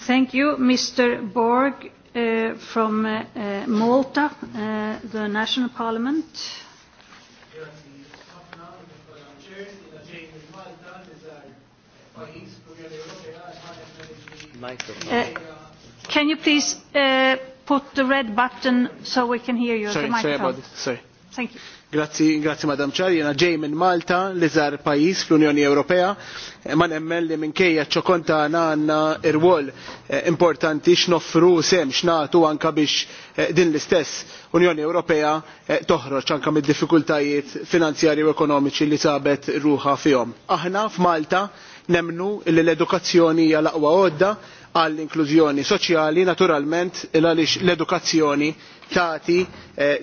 Thank you, Mr. Borg, uh, from uh, uh, Malta, the National Parliament. can you please put the red button so we can hear you? Sorry, the microphone. sorry about this. Sorry. Thank you. Grazzi, grazzi Madam Chair, jena ġej minn Malta li żar pajjiż fl-Unjoni Ewropea, eh, ma nemmen li minkejja ċokon għandna irwol eh, importanti x'noffru sem x'nagħtu anke biex eh, din l-istess Unjoni Ewropea toħroġ anke mid-diffikultajiet finanzjarji u ekonomiċi li sabet ruħha fihom. Aħna f'Malta nemnu li l-edukazzjoni hija l-aqwa għodda għall inklużjoni soċjali naturalment għaliex l-edukazzjoni tagħti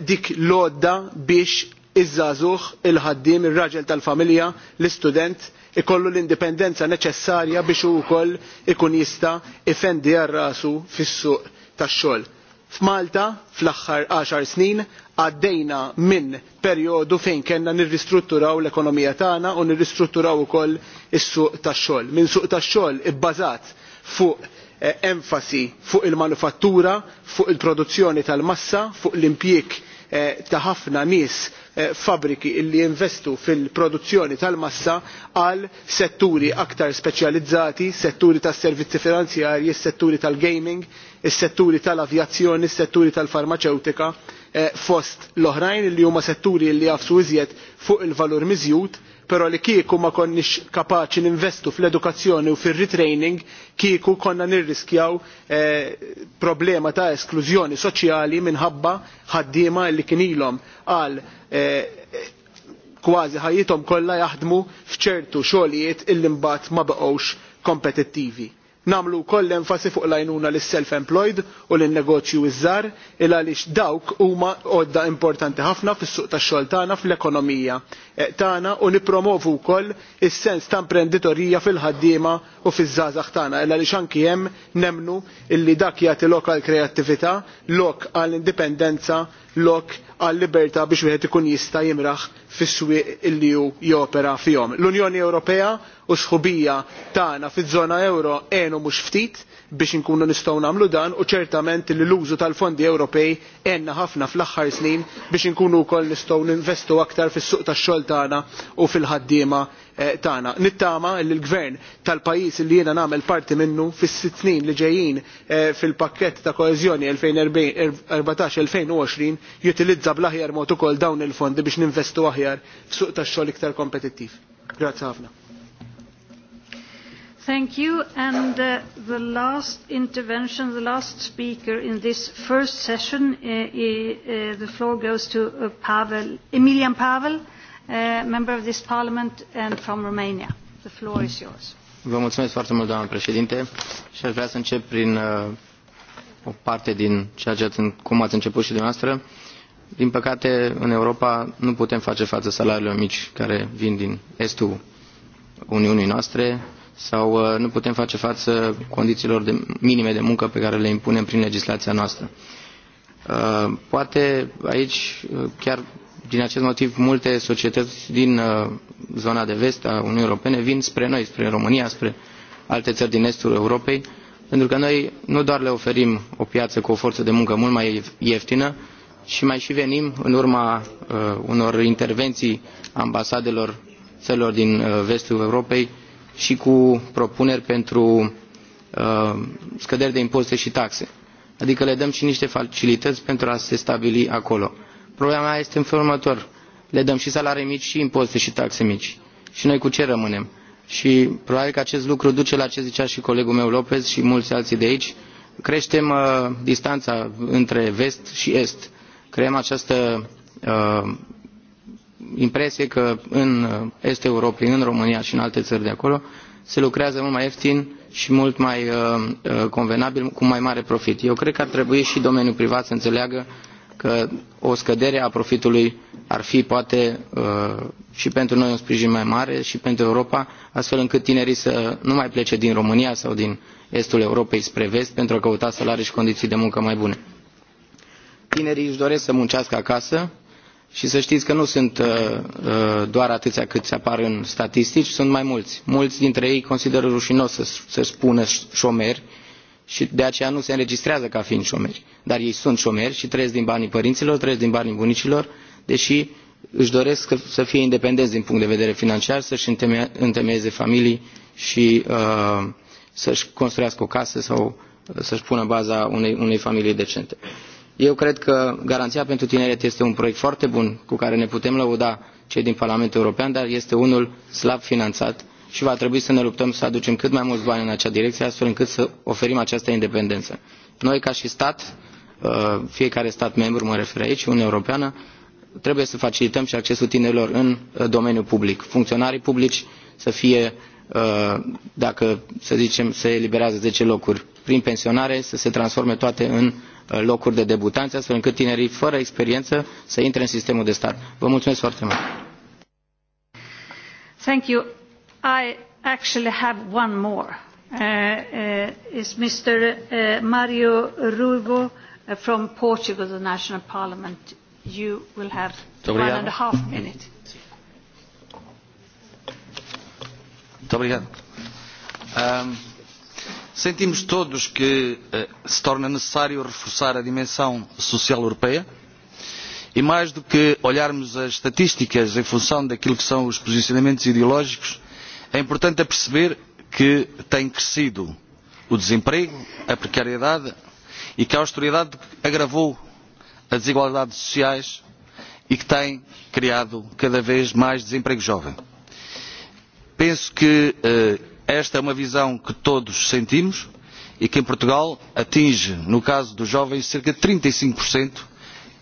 dik l-għodda biex iż-żagħżugħ il-ħaddiem ir-raġel tal-familja l-istudent ikollu l-indipendenza neċessarja biex hu wkoll ikun jista' ifendi għal rasu fis-suq tax-xogħol. F'Malta fl-aħħar 10 snin għaddejna minn perjodu fejn kellna nirristrutturaw l-ekonomija tagħna u nirristrutturaw ukoll is-suq tax-xogħol. Minn suq tax-xogħol ibbażat fuq eh, enfasi fuq il-manufattura, fuq il-produzzjoni tal-massa, fuq l-impjieg eh, ta' ħafna nies Eh, fabriki li investu fil-produzzjoni tal-massa għal setturi aktar speċjalizzati, setturi tas-servizzi finanzjarji, setturi tal-gaming, is-setturi tal-avjazzjoni, is-setturi tal-farmaceutika, Eh, fost l-oħrajn li huma setturi li jafsu iżjed fuq il-valur miżjud però li kieku ma konniex kapaċi ninvestu fl-edukazzjoni u fir-retraining kieku konna nirriskjaw eh, problema ta' esklużjoni soċjali minħabba ħaddiema li kien ilhom għal eh, kważi ħajjithom kollha jaħdmu f'ċertu xogħlijiet illi mbagħad ma beqgħux kompetittivi. Namlu wkoll enfasi fuq l-għajnuna lis self employed u lin negozju iż-żgħar il għaliex dawk huma għodda importanti ħafna fis-suq tax-xogħol tagħna fl-ekonomija eh, tagħna u nippromovu wkoll is-sens ta' imprenditorija fil-ħaddiema u fiż-żgħażagħ tagħna il għaliex anki hemm nemmnu li dak jagħti lok għall kreattività lok għall indipendenza lok għal libertà biex wieħed ikun jista' jimraħ fis-swieq illi hu jopera fihom. L-Unjoni Ewropea u sħubija tagħna fiż-żona euro għenu mhux ftit biex inkunu nistgħu nagħmlu dan u ċertament li l-użu tal-fondi Ewropej għenna ħafna fl-aħħar snin biex inkunu wkoll nistgħu ninvestu aktar fis-suq tax-xogħol tagħna u fil-ħaddiema Eh, tagħna. Nittama li l-gvern tal-pajjiż li jiena nagħmel parti minnu fis-sitt snin li ġejjin eh, fil-pakkett ta' koeżjoni 2014-2020 jutilizza bl-aħjar mod ukoll dawn il-fondi biex ninvestu aħjar f'suq tax-xogħol iktar kompetittiv. Grazzi ħafna. Thank you. And uh, the last intervention, the last speaker in this first session, uh, uh, the floor goes to uh, Pavel, Emilian Pavel Uh, member of this parliament and from Romania. The floor is yours. Vă mulțumesc foarte mult, doamnă președinte, și aș vrea să încep prin uh, o parte din ceea ce ați, cum ați început și dumneavoastră. Din păcate, în Europa nu putem face față salariilor mici care vin din estul Uniunii noastre sau uh, nu putem face față condițiilor de, minime de muncă pe care le impunem prin legislația noastră. poate aici chiar din acest motiv multe societăți din uh, zona de vest a uniunii europene vin spre noi spre românia spre alte țări din estul europei pentru că noi nu doar le oferim o piață cu o forță de muncă mult mai ieftină și mai și venim în urma uh, unor intervenții ambasadelor țărilor din uh, vestul europei și cu propuneri pentru scăderi de impozite și taxe adică le dăm și niște facilități pentru a se stabili acolo. Problema este în felul următor. Le dăm și salarii mici și impozite și taxe mici. Și noi cu ce rămânem? Și probabil că acest lucru duce la ce zicea și colegul meu Lopez și mulți alții de aici. Creștem uh, distanța între vest și est. Creăm această uh, impresie că în estul Europei, în România și în alte țări de acolo, se lucrează mult mai ieftin și mult mai uh, uh, convenabil, cu mai mare profit. Eu cred că ar trebui și domeniul privat să înțeleagă că o scădere a profitului ar fi poate uh, și pentru noi un sprijin mai mare și pentru Europa, astfel încât tinerii să nu mai plece din România sau din estul Europei spre vest pentru a căuta salarii și condiții de muncă mai bune. Tinerii își doresc să muncească acasă și să știți că nu sunt uh, uh, doar atâția cât se apar în statistici, sunt mai mulți. Mulți dintre ei consideră rușinos să, să spună șomeri, și de aceea nu se înregistrează ca fiind șomeri. Dar ei sunt șomeri și trăiesc din banii părinților, trăiesc din banii bunicilor, deși își doresc să fie independenți din punct de vedere financiar, să-și întemeieze familii și uh, să-și construiască o casă sau uh, să-și pună baza unei, unei familii decente. Eu cred că Garanția pentru Tineret este un proiect foarte bun cu care ne putem lăuda cei din Parlamentul European, dar este unul slab finanțat și va trebui să ne luptăm să aducem cât mai mulți bani în acea direcție, astfel încât să oferim această independență. Noi, ca și stat, uh, fiecare stat membru, mă refer aici, Uniunea Europeană, trebuie să facilităm și accesul tinerilor în uh, domeniul public. Funcționarii publici să fie, uh, dacă să zicem, se eliberează 10 locuri prin pensionare, să se transforme toate în locuri de debutanți, astfel încât tinerii fără experiență să intre în sistemul de stat. Vă mulțumesc foarte mult! Thank you. I actually have one more. Uh, uh is Mr. Uh, Mario Ruivo uh, from Portugal, the National Parliament. You will have one and a half minute. Muito obrigado. Um, sentimos todos que uh, se torna necessário reforçar a dimensão social europeia e mais do que olharmos as estatísticas em função daquilo que são os posicionamentos ideológicos é importante perceber que tem crescido o desemprego a precariedade e que a austeridade agravou as desigualdades sociais e que tem criado cada vez mais desemprego jovem. penso que eh, esta é uma visão que todos sentimos e que em portugal atinge no caso dos jovens cerca de trinta e cinco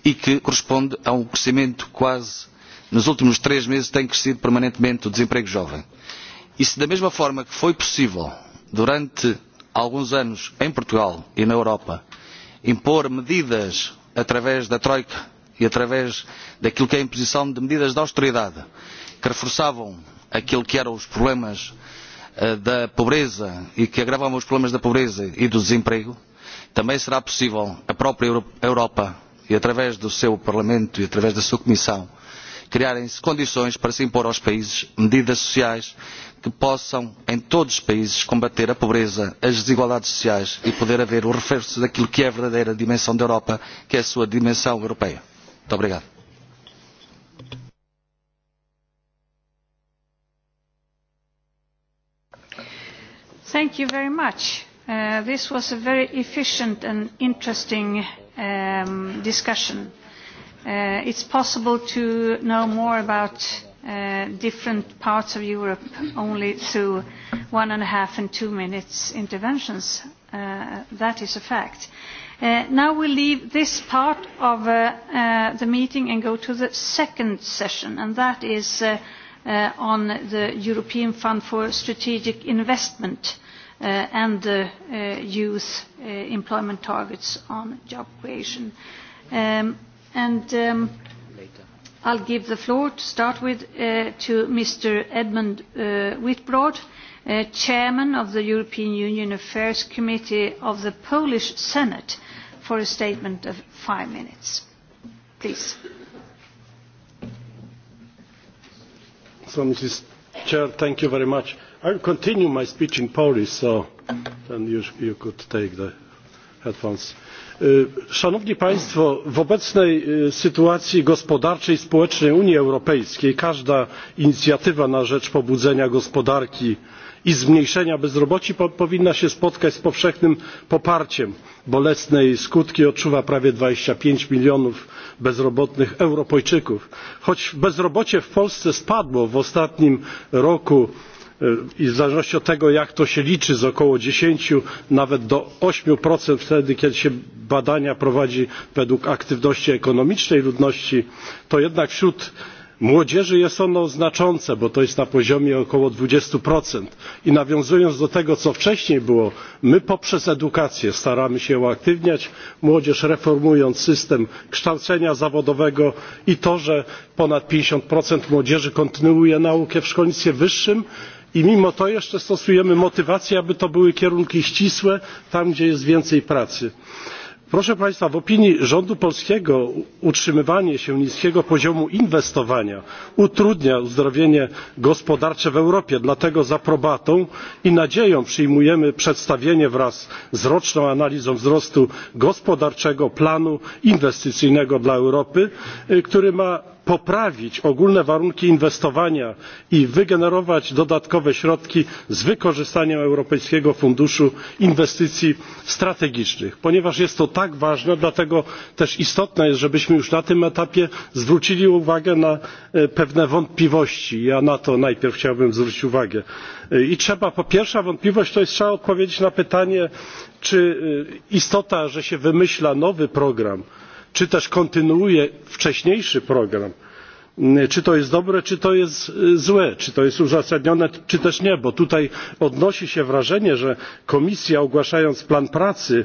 e que corresponde a um crescimento quase nos últimos três meses tem crescido permanentemente o desemprego jovem e se da mesma forma que foi possível durante alguns anos em portugal e na europa impor medidas através da troika e através daquilo que é a imposição de medidas de austeridade que reforçavam aquilo que eram os problemas eh, da pobreza e que agravavam os problemas da pobreza e do desemprego também será possível a própria europa e através do seu parlamento e através da sua comissão criarem se condições para se impor aos países medidas sociais que possam em todos os países combater a pobreza as desigualdades sociais e poder haver o reforço daquilo que é a verdadeira dimensão da europa que é a sua dimensão europeia. muito obrigado. Thank you very much. Uh, this was a very efficient and interesting um, discussion. Uh, it's possible to know more about Uh, different parts of Europe only through one and a half and two minutes interventions. Uh, that is a fact. Uh, now we leave this part of the meeting and go to the second session, and that is on the European Fund for Strategic Investment and the youth employment targets on job creation. Um, and um, I'll give the floor to start with uh, to Mr. Edmund uh, Whitbroad, uh, Chairman of the European Union Affairs Committee of the Polish Senate, for a statement of five minutes. Please. So, Mrs. Chair, thank you very much. I will continue my speech in Polish, so then you, you could take the E, szanowni w obecnej e, sytuacji gospodarczej i społecznej unii europejskiej każda inicjatywa na rzecz pobudzenia gospodarki i zmniejszenia bezrobocia powinna się spotkać z powszechnym poparciem. bolesne jej skutki odczuwa prawie dwadzieścia pięć milionów bezrobotnych europejczyków. choć bezrobocie w polsce spadło w ostatnim roku i w zależności od tego jak to się liczy z około dziesięć nawet do osiem wtedy kiedy się badania prowadzi według aktywności ekonomicznej ludności to jednak wśród młodzieży jest ono znaczące bo to jest na poziomie około dwadzieścia i nawiązując do tego co wcześniej było my poprzez edukację staramy się uaktywniać młodzież reformując system kształcenia zawodowego i to że ponad pięćdziesiąt młodzieży kontynuuje naukę w szkolnictwie wyższym i mimo to jeszcze stosujemy motywację aby to były kierunki ścisłe tam gdzie jest więcej pracy. proszę państwa w opinii rządu polskiego utrzymywanie się niskiego poziomu inwestowania utrudnia uzdrowienie gospodarcze w europie dlatego z aprobatą i nadzieją przyjmujemy przedstawienie wraz z roczną analizą wzrostu gospodarczego planu inwestycyjnego dla europy który ma poprawić ogólne warunki inwestowania i wygenerować dodatkowe środki z wykorzystaniem europejskiego funduszu inwestycji strategicznych. ponieważ jest to tak ważne dlatego też istotne jest żebyśmy już na tym etapie zwrócili uwagę na e, pewne wątpliwości ja na to najpierw chciałbym zwrócić uwagę. E, i trzeba po pierwsza wątpliwość to jest trzeba odpowiedzieć na pytanie czy e, istota że się wymyśla nowy program czy też kontynuuje wcześniejszy program czy to jest dobre czy to jest złe czy to jest uzasadnione czy też nie bo tutaj odnosi się wrażenie że komisja ogłaszając plan pracy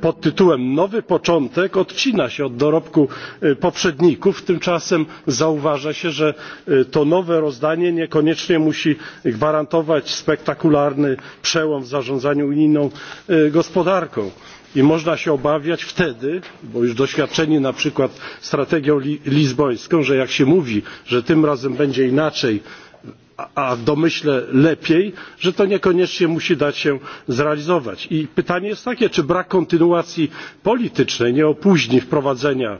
pod tytułem nowy początek odcina się od dorobku poprzedników tymczasem zauważa się że to nowe rozdanie niekoniecznie musi gwarantować spektakularny przełom w zarządzaniu unijną gospodarką i można się obawiać wtedy bo już doświadczeni na przykład strategią lizbońską że jak się mówi że tym razem będzie inaczej a w domyśle lepiej że to niekoniecznie musi dać się zrealizować. i pytanie jest takie czy brak kontynuacji politycznej nie opóźni wprowadzenia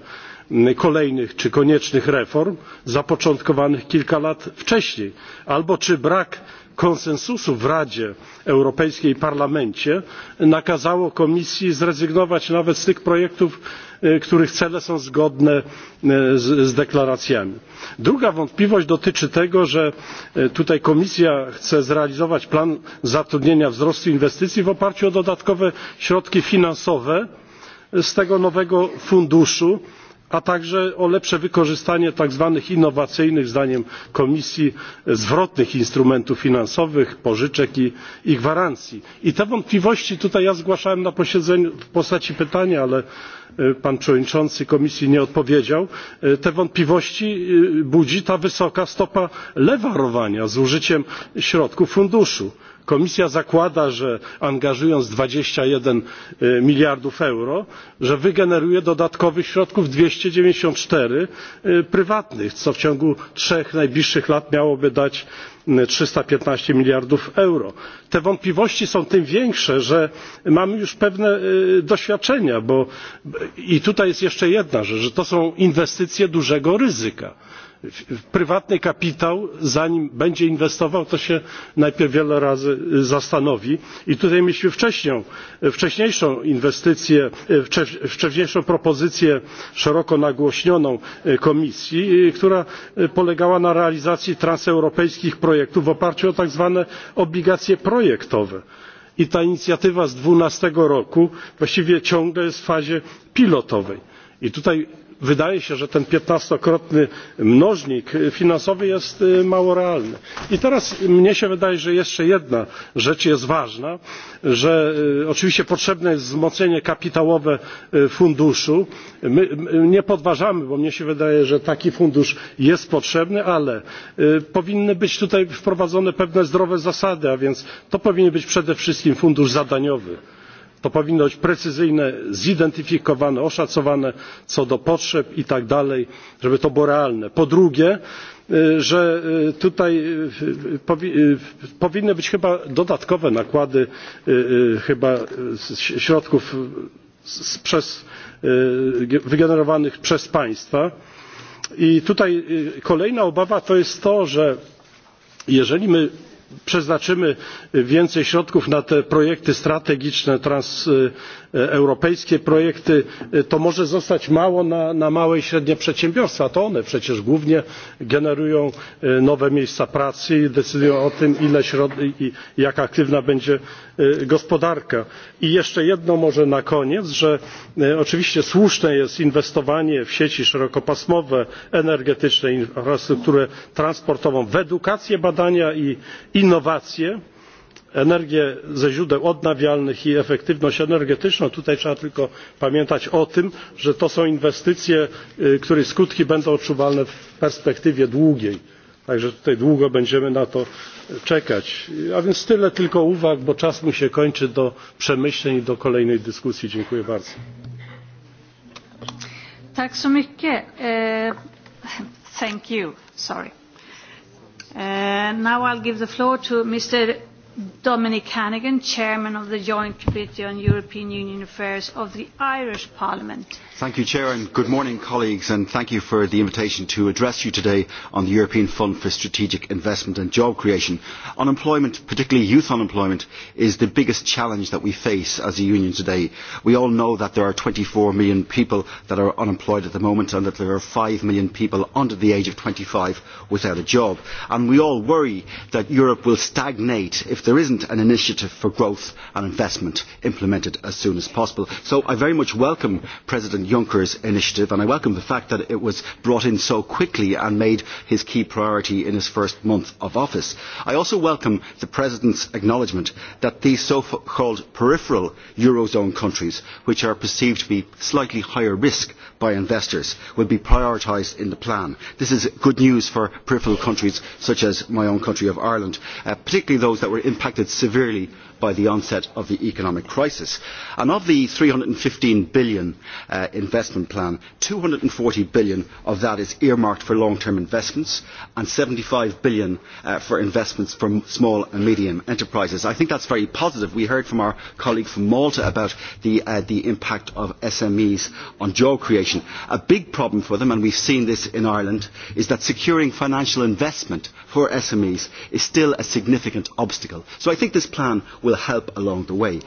kolejnych czy koniecznych reform zapoczątkowanych kilka lat wcześniej albo czy brak konsensusu w radzie europejskiej i parlamencie nakazało komisji zrezygnować nawet z tych projektów e, których cele są zgodne e, z deklaracjami. druga wątpliwość dotyczy tego że e, tutaj komisja chce zrealizować plan zatrudnienia wzrostu inwestycji w oparciu o dodatkowe środki finansowe z tego nowego funduszu a także o lepsze wykorzystanie tak zwanych innowacyjnych zdaniem komisji zwrotnych instrumentów finansowych pożyczek i, gwarancji. i te wątpliwości tutaj ja zgłaszałem na posiedzeniu w postaci pytania ale pan przewodniczący komisji nie odpowiedział te wątpliwości budzi ta wysoka stopa lewarowania z użyciem środków funduszu komisja zakłada że angażując dwadzieścia jeden e, miliardów euro że wygeneruje dodatkowych środków dwieście dziewięćdzisiąt cztery e, prywatnych co w ciągu trzech najbliższych lat miałoby dać trzysta piętnaście miliardów euro. te wątpliwości są tym większe że mamy już pewne e, doświadczenia i tutaj jest jeszcze jedna rzecz że to są inwestycje dużego ryzyka prywatny kapitał zanim będzie inwestował to się najpierw wiele razy zastanowi i tutaj mieliśmy wcześniejszą inwestycję wcześniejszą propozycję szeroko nagłośnioną komisji która polegała na realizacji transeuropejskich projektów w oparciu o tak zwane obligacje projektowe i ta inicjatywa z dwa roku właściwie ciągle jest w fazie pilotowej i tutaj wydaje się że ten piętnastokrotny mnożnik finansowy jest mało realny. i teraz mnie się wydaje że jeszcze jedna rzecz jest ważna że oczywiście potrzebne jest wzmocnienie kapitałowe funduszu My nie podważamy bo mnie się wydaje że taki fundusz jest potrzebny ale powinny być tutaj wprowadzone pewne zdrowe zasady a więc to powinien być przede wszystkim fundusz zadaniowy to powinno być precyzyjne zidentyfikowane oszacowane co do potrzeb i tak dalej żeby to było realne. po drugie że tutaj powinny być chyba dodatkowe nakłady chyba środków wygenerowanych przez państwa i tutaj kolejna obawa to jest to że jeżeli my przeznaczymy więcej środków na te projekty strategiczne trans E, europejskie projekty e, to może zostać mało na, małe i średnie przedsiębiorstwa to one przecież głównie generują e, nowe miejsca pracy i decydują o tym ile i jak aktywna będzie gospodarka. i jeszcze jedno może na koniec że oczywiście słuszne jest inwestowanie w sieci szerokopasmowe energetyczne infrastrukturę transportową w edukację badania i innowacje energię ze źródeł odnawialnych i efektywność energetyczną tutaj trzeba tylko pamiętać o tym że to są inwestycje których skutki będą odczuwalne w perspektywie długiej także tutaj długo będziemy na to czekać. a więc tyle tylko uwag bo czas mi się kończy do przemyśleń i do kolejnej dyskusji. dziękuję bardzo. E, e, now give the Dominic Hannigan, Chairman of the Joint Committee on European Union Affairs of the Irish Parliament. Thank you, good morning, colleagues, and thank you for the invitation to address you today on the European Fund for Strategic Investment and Job Creation. Unemployment, particularly youth unemployment, is the biggest challenge that we face as a union today. We all know that there are 24 million people that are unemployed at the moment and that there are 5 million people under the age of 25 without a job. And we all worry that Europe will stagnate if there isn't an initiative for growth and investment implemented as soon as possible. So I very much welcome President Juncker's initiative and I welcome the fact that it was brought in so quickly and made his key priority in his first month of office. I also welcome the President's acknowledgement that these so called peripheral Eurozone countries, which are perceived to be slightly higher risk by investors, will be prioritised in the plan. This is good news for peripheral countries such as my own country of Ireland, uh, particularly those that were impacted severely by the onset of the economic crisis. And of the eur three hundred billion uh, investment plan, 240 two hundred and forty billion of that is earmarked for long term investments and 75 seventy five billion uh, for investments for small and medium enterprises. I think that's very positive. We heard from our colleague from Malta about the, uh, impact of SMEs on job creation. A big problem for them and we've seen this in Ireland is that securing financial investment for SMEs is still a significant obstacle. So I think this plan will will help along the way.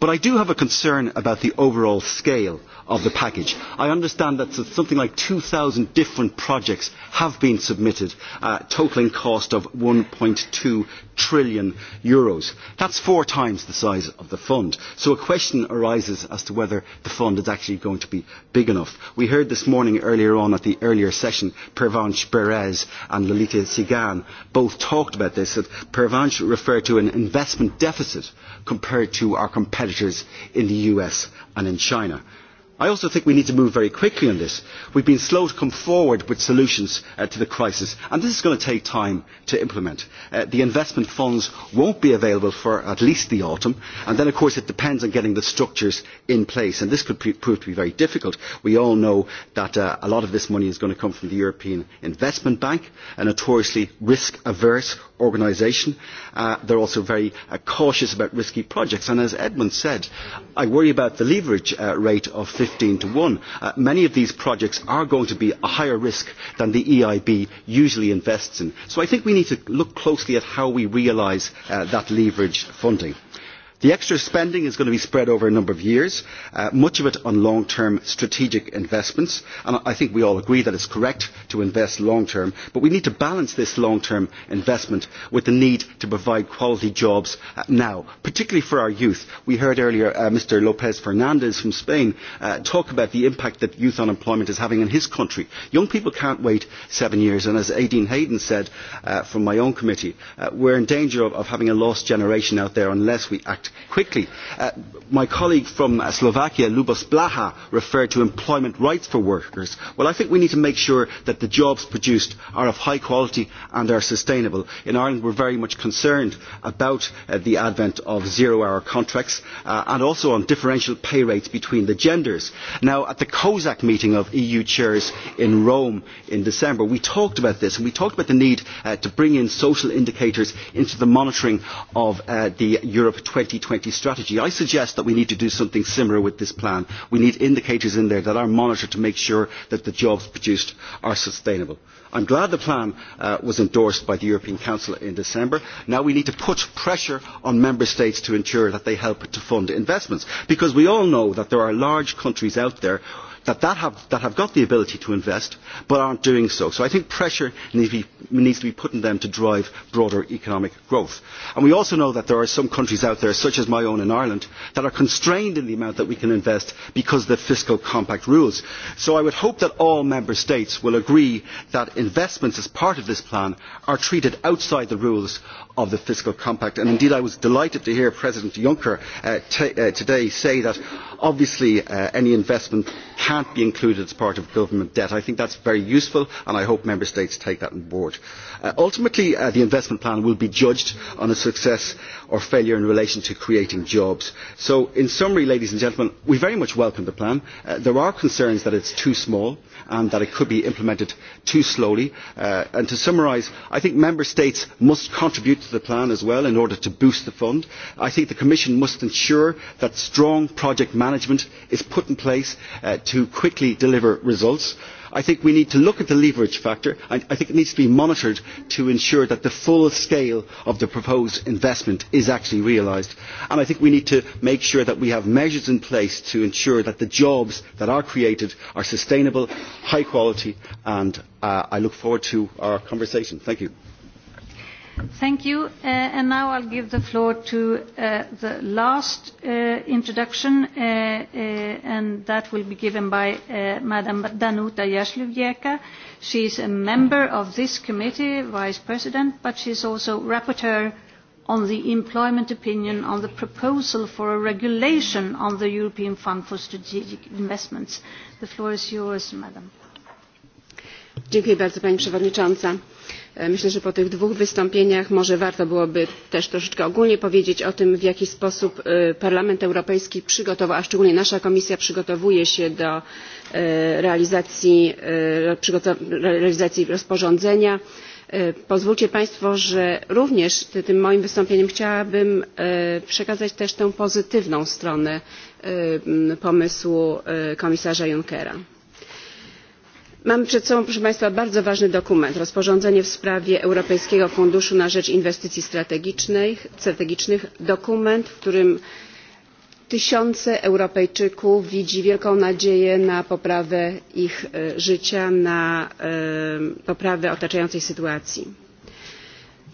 But I do have a concern about the overall scale of the package. I understand that something like 2,000 different projects have been submitted, uh, totaling cost of 1.2 trillion euros. That's four times the size of the fund. So a question arises as to whether the fund is actually going to be big enough. We heard this morning earlier on at the earlier session, Pervanche Perez and Lolita Sigan both talked about this. That Pervanche referred to an investment deficit compared to our competitors in the US and in China i also think we need to move very quickly on this. we have been slow to come forward with solutions uh, to the crisis and this is going to take time to implement. Uh, the investment funds will not be available for at least the autumn and then of course it depends on getting the structures in place and this could prove to be very difficult. we all know that uh, a lot of this money is going to come from the european investment bank a notoriously risk averse organisation. Uh, they are also very uh, cautious about risky projects and as edmund said i worry about the leverage uh, rate of 15 to one. Uh, many of these projects are going to be a higher risk than the eib usually invests in so i think we need to look closely at how we realise uh, that leverage funding the extra spending is going to be spread over a number of years uh, much of it on long term strategic investments and i think we all agree that it's correct to invest long term but we need to balance this long term investment with the need to provide quality jobs uh, now particularly for our youth. we heard earlier uh, mr Lopez Fernandez from spain talk about the impact that youth unemployment is having in his country. young people can't wait seven years and as Aideen hayden said from my own committee we are in danger of, of having a lost generation out there unless we act quickly. Uh, my colleague from uh, Slovakia, Lubos Blaha, referred to employment rights for workers. Well, I think we need to make sure that the jobs produced are of high quality and are sustainable. In Ireland, we are very much concerned about uh, the advent of zero-hour contracts and also on differential pay rates between the genders. Now, at the COSAC meeting of EU chairs in Rome in December, we talked about this and we talked about the need to bring in social indicators into the monitoring of the Europe 20 2020 strategy. I suggest that we need to do something similar with this plan. We need indicators in there that are monitored to make sure that the jobs produced are sustainable. I am glad the plan uh, was endorsed by the European Council in December. Now we need to put pressure on Member States to ensure that they help to fund investments, because we all know that there are large countries out there that, have, that have got the ability to invest but aren't doing so. So I think pressure needs to, be, put on them to drive broader economic growth. And we also know that there are some countries out there, such as my own in Ireland, that are constrained in the amount that we can invest because of the fiscal compact rules. So I would hope that all member states will agree that investments as part of this plan are treated outside the rules of the fiscal compact and indeed i was delighted to hear president juncker uh, uh, today say that obviously uh, any investment cannot be included as part of government debt. i think that is very useful and i hope member states take that on board. ultimately the investment plan will be judged on its success or failure in relation to creating jobs. so in summary ladies and gentlemen we very much welcome the plan. there are concerns that it is too small and that it could be implemented too slowly and to summarise i think member states must contribute to the plan as well in order to boost the fund. I think the Commission must ensure that strong project management is put in place uh, to quickly deliver results. I think we need to look at the leverage factor and I think it needs to be monitored to ensure that the full scale of the proposed investment is actually realised. And I think we need to make sure that we have measures in place to ensure that the jobs that are created are sustainable, high quality and uh, I look forward to our conversation. Thank you. Thank you. will uh, and now I'll give the floor to uh, the last uh, introduction, and that will be given by uh, Madam Danuta Jaslubieka. She is a member of this committee, Vice President, but she is also Rapporteur on the employment opinion on the proposal for a regulation on the European Fund for Strategic Investments. The floor is yours, Madam. Dziękuję bardzo, Pani Przewodnicząca E, myślę że po tych dwóch wystąpieniach może warto byłoby też troszeczkę ogólnie powiedzieć o tym w jaki sposób e, parlament europejski przygotował a szczególnie nasza komisja przygotowuje się do e, realizacji, rozporządzenia. pozwólcie państwo że również tym moim wystąpieniem chciałabym przekazać też tę pozytywną stronę pomysłu komisarza junckera mamy przed sobą proszę państwa bardzo ważny dokument rozporządzenie w sprawie europejskiego funduszu na rzecz inwestycji strategicznych dokument w którym tysiące europejczyków widzi wielką nadzieję na poprawę ich e, życia na e, poprawę otaczającej sytuacji.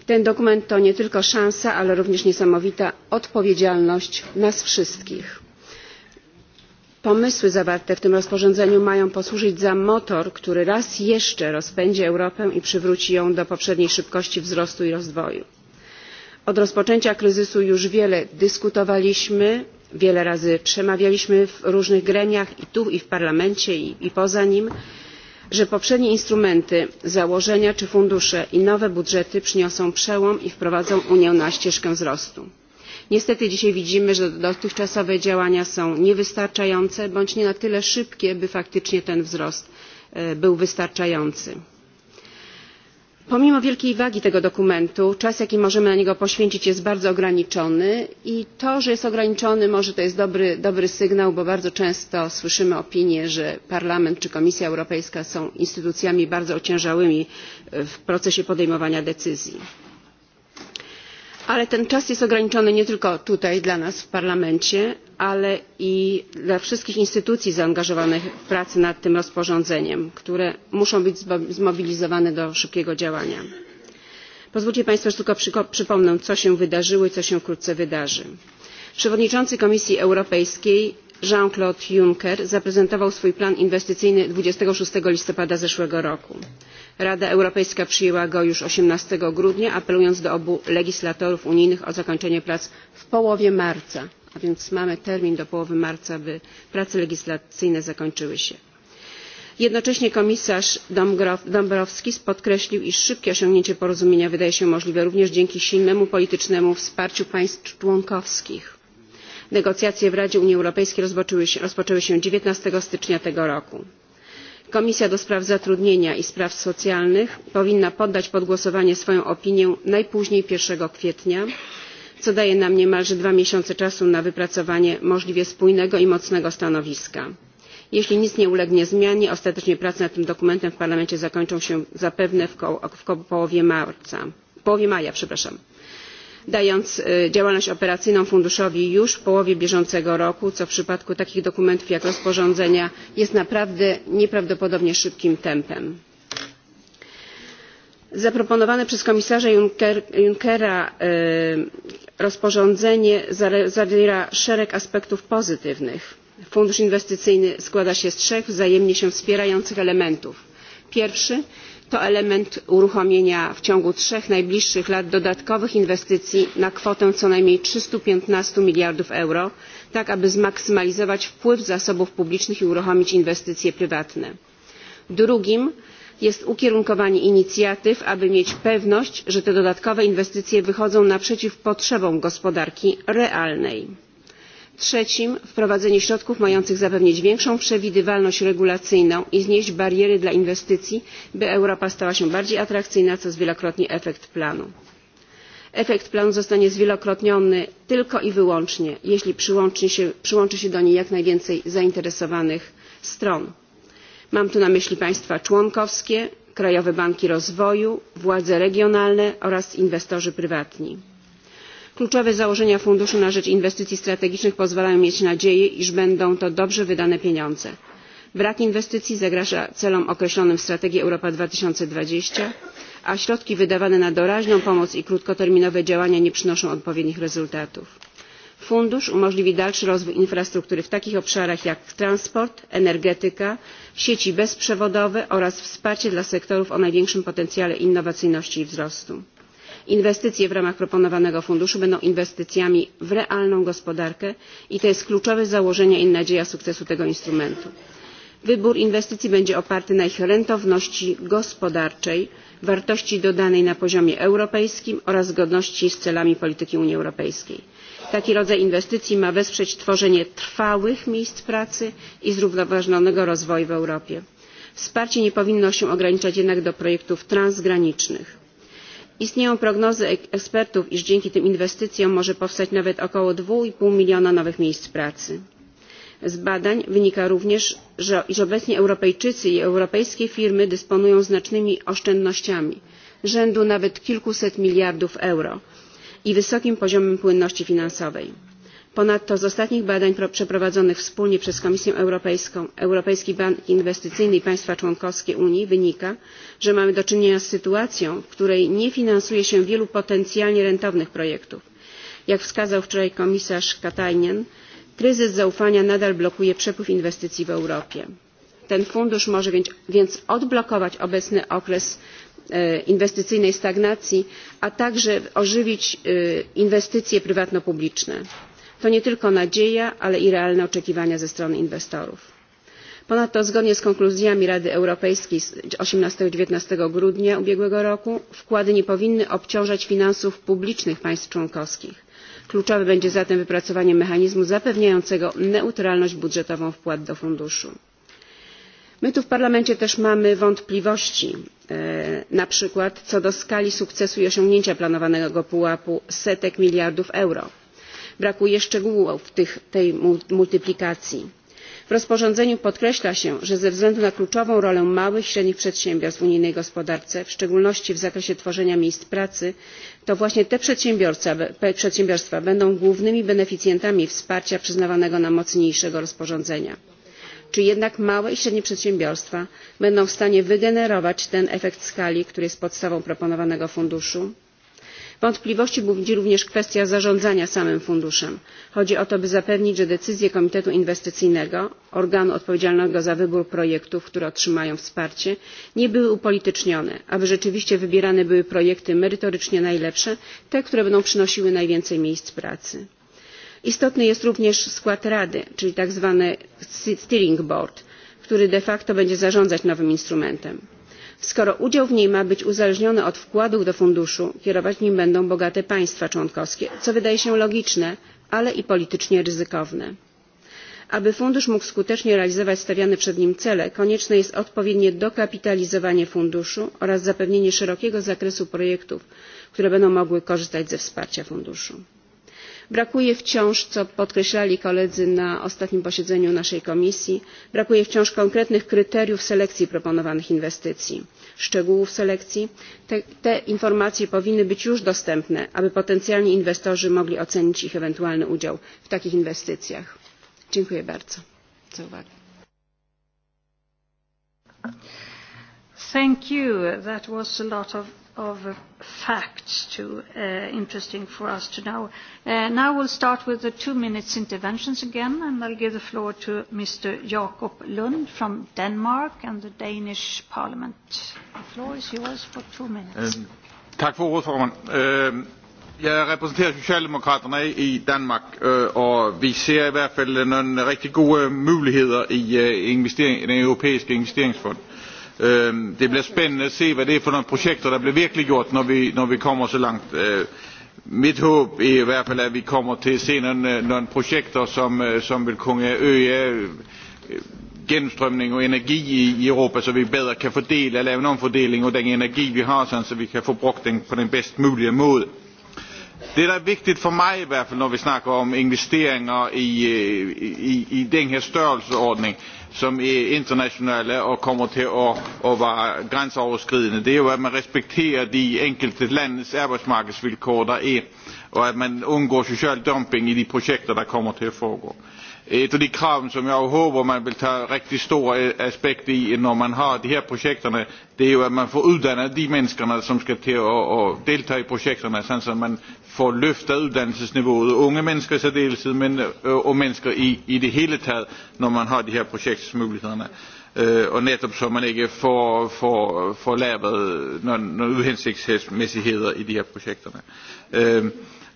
ten dokument to nie tylko szansa ale również niesamowita odpowiedzialność nas wszystkich pomysły zawarte w tym rozporządzeniu mają posłużyć za motor który raz jeszcze rozpędzi europę i przywróci ją do poprzedniej szybkości wzrostu i rozwoju. od rozpoczęcia kryzysu już wiele dyskutowaliśmy wiele razy przemawialiśmy w różnych gremiach i tu i w parlamencie i, i poza nim że poprzednie instrumenty założenia czy fundusze i nowe budżety przyniosą przełom i wprowadzą unię na ścieżkę wzrostu niestety dzisiaj widzimy że dotychczasowe działania są niewystarczające bądź nie na tyle szybkie by faktycznie ten wzrost e, był wystarczający. pomimo wielkiej wagi tego dokumentu czas jaki możemy na niego poświęcić jest bardzo ograniczony i to że jest ograniczony może to jest dobry, sygnał bo bardzo często słyszymy opinie że parlament czy komisja europejska są instytucjami bardzo ociężałymi e, w procesie podejmowania decyzji ale ten czas jest ograniczony nie tylko tutaj dla nas w parlamencie ale i dla wszystkich instytucji zaangażowanych w prace nad tym rozporządzeniem które muszą być zmobilizowane do szybkiego działania. pozwólcie państwo że tylko przypomnę co się wydarzyło i co się wkrótce wydarzy. przewodniczący komisji europejskiej jean claude juncker zaprezentował swój plan inwestycyjny dwadzieścia sześć listopada zeszłego roku. Rada Europejska przyjęła go już 18 grudnia, apelując do obu legislatorów unijnych o zakończenie prac w połowie marca, a więc mamy termin do połowy marca, by prace legislacyjne zakończyły się. Jednocześnie komisarz Dombrovskis podkreślił, iż szybkie osiągnięcie porozumienia wydaje się możliwe również dzięki silnemu politycznemu wsparciu państw członkowskich. Negocjacje w Radzie Unii Europejskiej rozpoczęły się 19 stycznia tego roku komisja do spraw zatrudnienia i spraw socjalnych powinna poddać pod głosowanie swoją opinię najpóźniej jeden kwietnia co daje nam niemalże dwa miesiące czasu na wypracowanie możliwie spójnego i mocnego stanowiska. jeśli nic nie ulegnie zmianie ostatecznie prace nad tym dokumentem w parlamencie zakończą się zapewne w, połowie, połowie maja. Przepraszam dając e, działalność operacyjną funduszowi już w połowie bieżącego roku co w przypadku takich dokumentów jak rozporządzenia jest naprawdę nieprawdopodobnie szybkim tempem. zaproponowane przez komisarza junckera e, rozporządzenie zawiera szereg aspektów pozytywnych. fundusz inwestycyjny składa się z trzech wzajemnie się wspierających elementów. pierwszy to element uruchomienia w ciągu trzech najbliższych lat dodatkowych inwestycji na kwotę co najmniej trzysta piętnaście miliardów euro tak aby zmaksymalizować wpływ zasobów publicznych i uruchomić inwestycje prywatne. drugim jest ukierunkowanie inicjatyw aby mieć pewność że te dodatkowe inwestycje wychodzą naprzeciw potrzebom gospodarki realnej trzecim wprowadzenie środków mających zapewnić większą przewidywalność regulacyjną i znieść bariery dla inwestycji by europa stała się bardziej atrakcyjna co zwielokrotni efekt planu. efekt planu zostanie zwielokrotniony tylko i wyłącznie jeśli przyłączy się, się do niej jak najwięcej zainteresowanych stron. mam tu na myśli państwa członkowskie krajowe banki rozwoju władze regionalne oraz inwestorzy prywatni kluczowe założenia funduszu na rzecz inwestycji strategicznych pozwalają mieć nadzieję iż będą to dobrze wydane pieniądze. brak inwestycji zagraża celom określonym w strategii europa dwa tysiące dwadzieścia a środki wydawane na doraźną pomoc i krótkoterminowe działania nie przynoszą odpowiednich rezultatów. fundusz umożliwi dalszy rozwój infrastruktury w takich obszarach jak transport energetyka sieci bezprzewodowe oraz wsparcie dla sektorów o największym potencjale innowacyjności i wzrostu inwestycje w ramach proponowanego funduszu będą inwestycjami w realną gospodarkę i to jest kluczowe założenie i nadzieja sukcesu tego instrumentu. wybór inwestycji będzie oparty na ich rentowności gospodarczej wartości dodanej na poziomie europejskim oraz zgodności z celami polityki unii europejskiej. taki rodzaj inwestycji ma wesprzeć tworzenie trwałych miejsc pracy i zrównoważonego rozwoju w europie. wsparcie nie powinno się ograniczać jednak do projektów transgranicznych istnieją prognozy ekspertów iż dzięki tym inwestycjom może powstać nawet około dwa pięć miliona nowych miejsc pracy. z badań wynika również iż obecnie europejczycy i europejskie firmy dysponują znacznymi oszczędnościami rzędu nawet kilkuset miliardów euro i wysokim poziomem płynności finansowej. Ponadto z ostatnich badań przeprowadzonych wspólnie przez Komisję Europejską, Europejski Bank Inwestycyjny i państwa członkowskie Unii wynika, że mamy do czynienia z sytuacją, w której nie finansuje się wielu potencjalnie rentownych projektów. Jak wskazał wczoraj komisarz Katainen, kryzys zaufania nadal blokuje przepływ inwestycji w Europie. Ten fundusz może więc odblokować obecny okres e, inwestycyjnej stagnacji, a także ożywić e, inwestycje prywatno-publiczne to nie tylko nadzieja ale i realne oczekiwania ze strony inwestorów. ponadto zgodnie z konkluzjami rady europejskiej z osiemnaście dziewiętnaście grudnia ubiegłego roku wkłady nie powinny obciążać finansów publicznych państw członkowskich. kluczowe będzie zatem wypracowanie mechanizmu zapewniającego neutralność budżetową wpłat do funduszu. My tu w Parlamencie też mamy wątpliwości, e, na przykład co do skali sukcesu i osiągnięcia planowanego pułapu setek miliardów euro brakuje szczegółów tych, tej multiplikacji w rozporządzeniu podkreśla się że ze względu na kluczową rolę małych i średnich przedsiębiorstw w unijnej gospodarce w szczególności w zakresie tworzenia miejsc pracy to właśnie te przedsiębiorstwa będą głównymi beneficjentami wsparcia przyznawanego na mocy rozporządzenia. czy jednak małe i średnie przedsiębiorstwa będą w stanie wygenerować ten efekt skali który jest podstawą proponowanego funduszu? wątpliwości budzi również kwestia zarządzania samym funduszem chodzi o to by zapewnić że decyzje komitetu inwestycyjnego organu odpowiedzialnego za wybór projektów które otrzymają wsparcie nie były upolitycznione aby rzeczywiście wybierane były projekty merytorycznie najlepsze te które będą przynosiły najwięcej miejsc pracy. istotny jest również skład rady czyli tak zwany steering board który de facto będzie zarządzać nowym instrumentem skoro udział w niej ma być uzależniony od wkładów do funduszu kierować nim będą bogate państwa członkowskie co wydaje się logiczne ale i politycznie ryzykowne. aby fundusz mógł skutecznie realizować stawiane przed nim cele konieczne jest odpowiednie dokapitalizowanie funduszu oraz zapewnienie szerokiego zakresu projektów które będą mogły korzystać ze wsparcia funduszu brakuje wciąż co podkreślali koledzy na ostatnim posiedzeniu naszej komisji brakuje wciąż konkretnych kryteriów selekcji proponowanych inwestycji szczegółów selekcji te, informacje powinny być już dostępne aby potencjalni inwestorzy mogli ocenić ich ewentualny udział w takich inwestycjach. dziękuję bardzo za uwagę of facts too uh, interesting for us to know. Uh, now we'll start with the two minutes interventions again and I'll give the floor to Mr. Jakob Lund from Denmark and the Danish Parliament. The floor is yours for two minutes. Um, tak for ordet, formand. Uh, jeg repræsenterer Socialdemokraterne i Danmark, uh, og vi ser i hvert fald nogle rigtig gode muligheder i, uh, den europæiske investeringsfond. Ehm, det blir spännande att se vad det er for noen projekter det blir virkelig när når vi, når vi kommer så langt. Ehm, mitt håp er i hvert vi kommer til se någon projekter som, som vil kunne øke eh, gennemstrømning og energi i Europa, så vi bedre kan fordele og lave en omfordeling av den energi vi har, sådan, så vi kan få brugt den på den bedst mulige måde. Det, der er vigtigt for mig i hvert når vi snakker om investeringer i, eh, i, i den her størrelseordning, som er internationella og kommer til å, å være att Det er man respekterar de enkelte ländernas arbeidsmarkedsvilkår der er, og at man undgår social dumping i de projekter som kommer til å et af de krav, som jeg håber man vil tage rigtig stor aspekt i når man har de her projekter, det er jo at man får uddannet de mennesker, som skal til at deltage i projekterne, så man får løftet uddannelsesniveauet, Unge mennesker i særdeleshed men øh, og mennesker i, det hele taget, når man har de her projektsmuligheder. Øh, og netop så man ikke får, får, får lavet nogle uhensigtsmæssigheder i de her projekter. Øh,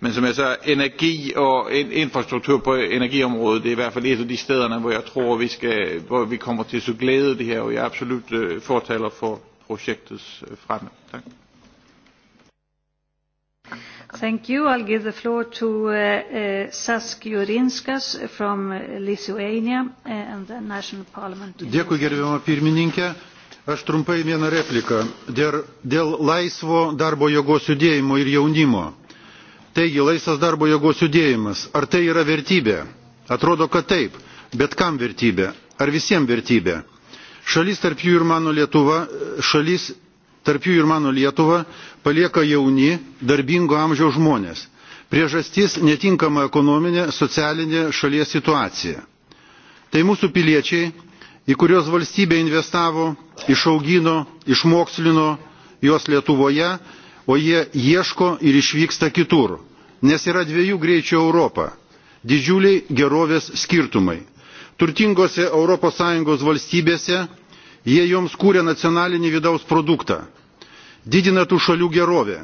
Men som jeg sagde, energi og infrastruktur på energiområdet, det er i hvert fald et af de steder, hvor jeg tror, vi, skal, hvor vi kommer til at så glæde det her, og jeg er absolut øh, fortaler for projektets øh, fremme. Tak. Thank you. I'll give the floor to uh, uh, Sask Jurinskas from uh, Lithuania uh, and the National Parliament. Dėkui gerbiamą pirmininkę. Aš trumpai vieną repliką. Dėl, dėl laisvo darbo jėgos judėjimo ir jaunimo taigi laisvas darbo jėgos judėjimas ar tai yra vertybė? atrodo kad taip bet kam vertybė? ar visiems vertybė? šalis tarp jų ir mano lietuva šalis tarp ir mano lietuva palieka jauni darbingo amžiaus žmonės priežastis netinkama ekonominė socialinė šalies situacija. tai mūsų piliečiai į kurios valstybė investavo išaugino išmokslino juos lietuvoje o jie ieško ir išvyksta kitur nes yra dviejų greičių europa didžiuliai gerovės skirtumai. turtingose europos sąjungos valstybėse jie joms kūrė nacionalinį vidaus produktą didina tų šalių gerovę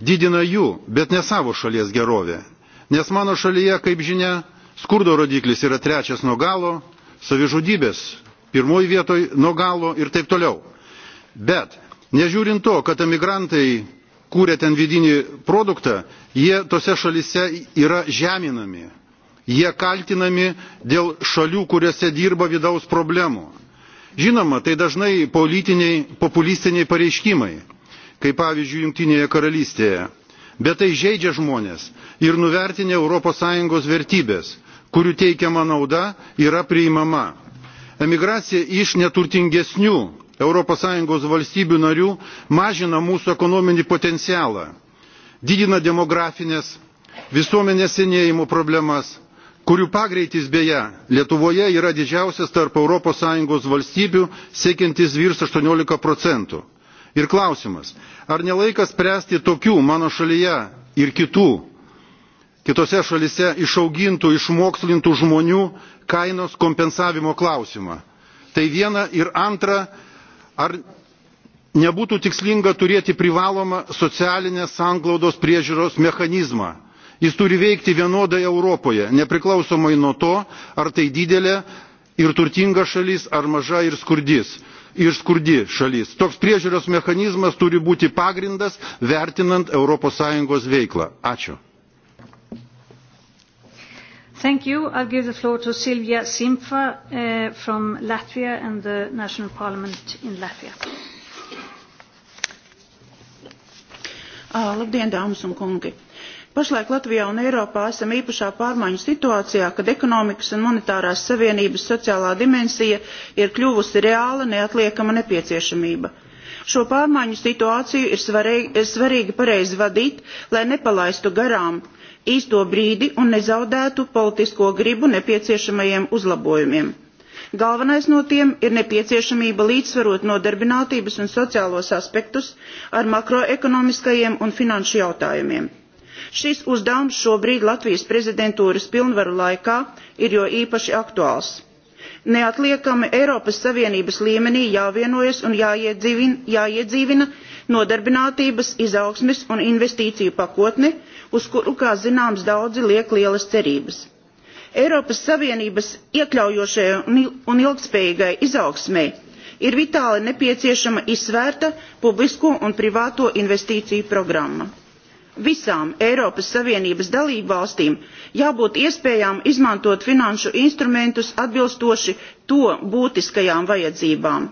didina jų bet ne savo šalies gerovę nes mano šalyje kaip žinia skurdo rodiklis yra trečias nuo galo savižudybės pirmoji vietoj nuo galo ir taip toliau. bet nežiūrint to kad emigrantai kuria ten vidinį produktą jie tose šalyse yra žeminami jie kaltinami dėl šalių kuriose dirba vidaus problemų. žinoma tai dažnai politiniai populistiniai pareiškimai kaip pavyzdžiui jungtinėje karalystėje bet tai žeidžia žmones ir nuvertina europos sąjungos vertybes kurių teikiama nauda yra priimama. emigracija iš neturtingesnių europos sąjungos valstybių narių mažina mūsų ekonominį potencialą didina demografines visuomenės senėjimo problemas kurių pagreitis beje lietuvoje yra didžiausias tarp europos sąjungos valstybių siekiantis virš aštuoniolika procentų. ir klausimas ar nelaikas laikas spręsti tokių mano šalyje ir kitų kitose šalyse išaugintų išmokslintų žmonių kainos kompensavimo klausimą? tai viena ir antra ar nebūtų tikslinga turėti privalomą socialinės sanglaudos priežiūros mechanizmą? jis turi veikti vienodai europoje nepriklausomai nuo to ar tai didelė ir turtinga šalis ar maža ir skurdi šalis. toks priežiūros mechanizmas turi būti pagrindas vertinant europos sąjungos veiklą. ačiū. Thank you. I'll give the floor to Silvia Simfa uh, from Latvia and the National Parliament in Latvia. labdien, dāmas un kungi! pašlaik latvijā un eiropā esam īpašā pārmaiņu situācijā kad ekonomikas un monetārās savienības sociālā dimensija ir kļuvusi reāla neatliekama nepieciešamība. šo pārmaiņu situāciju ir svarīgi pareizi vadīt lai nepalaistu garām īsto brīdi un nezaudētu politisko gribu nepieciešamajiem uzlabojumiem. Galvenais no tiem ir nepieciešamība līdzsvarot nodarbinātības un sociālos aspektus ar makroekonomiskajiem un finanšu jautājumiem. Šis uzdevums šobrīd Latvijas prezidentūras pilnvaru laikā ir jo īpaši aktuāls neatliekami Eiropas Savienības līmenī jāvienojas un jāiedzīvina, nodarbinātības, izaugsmes un investīciju pakotni uz kuru kā zināms daudzi liek lielas cerības. Eiropas Savienības iekļaujošajai un ilgspējīgai izaugsmai ir vitāli nepieciešama izsvērta publisko un privāto investīciju programma. Visām Eiropas Savienības valstīm jābūt iespējām izmantot finanšu instrumentus atbilstoši to būtiskajām vajadzībām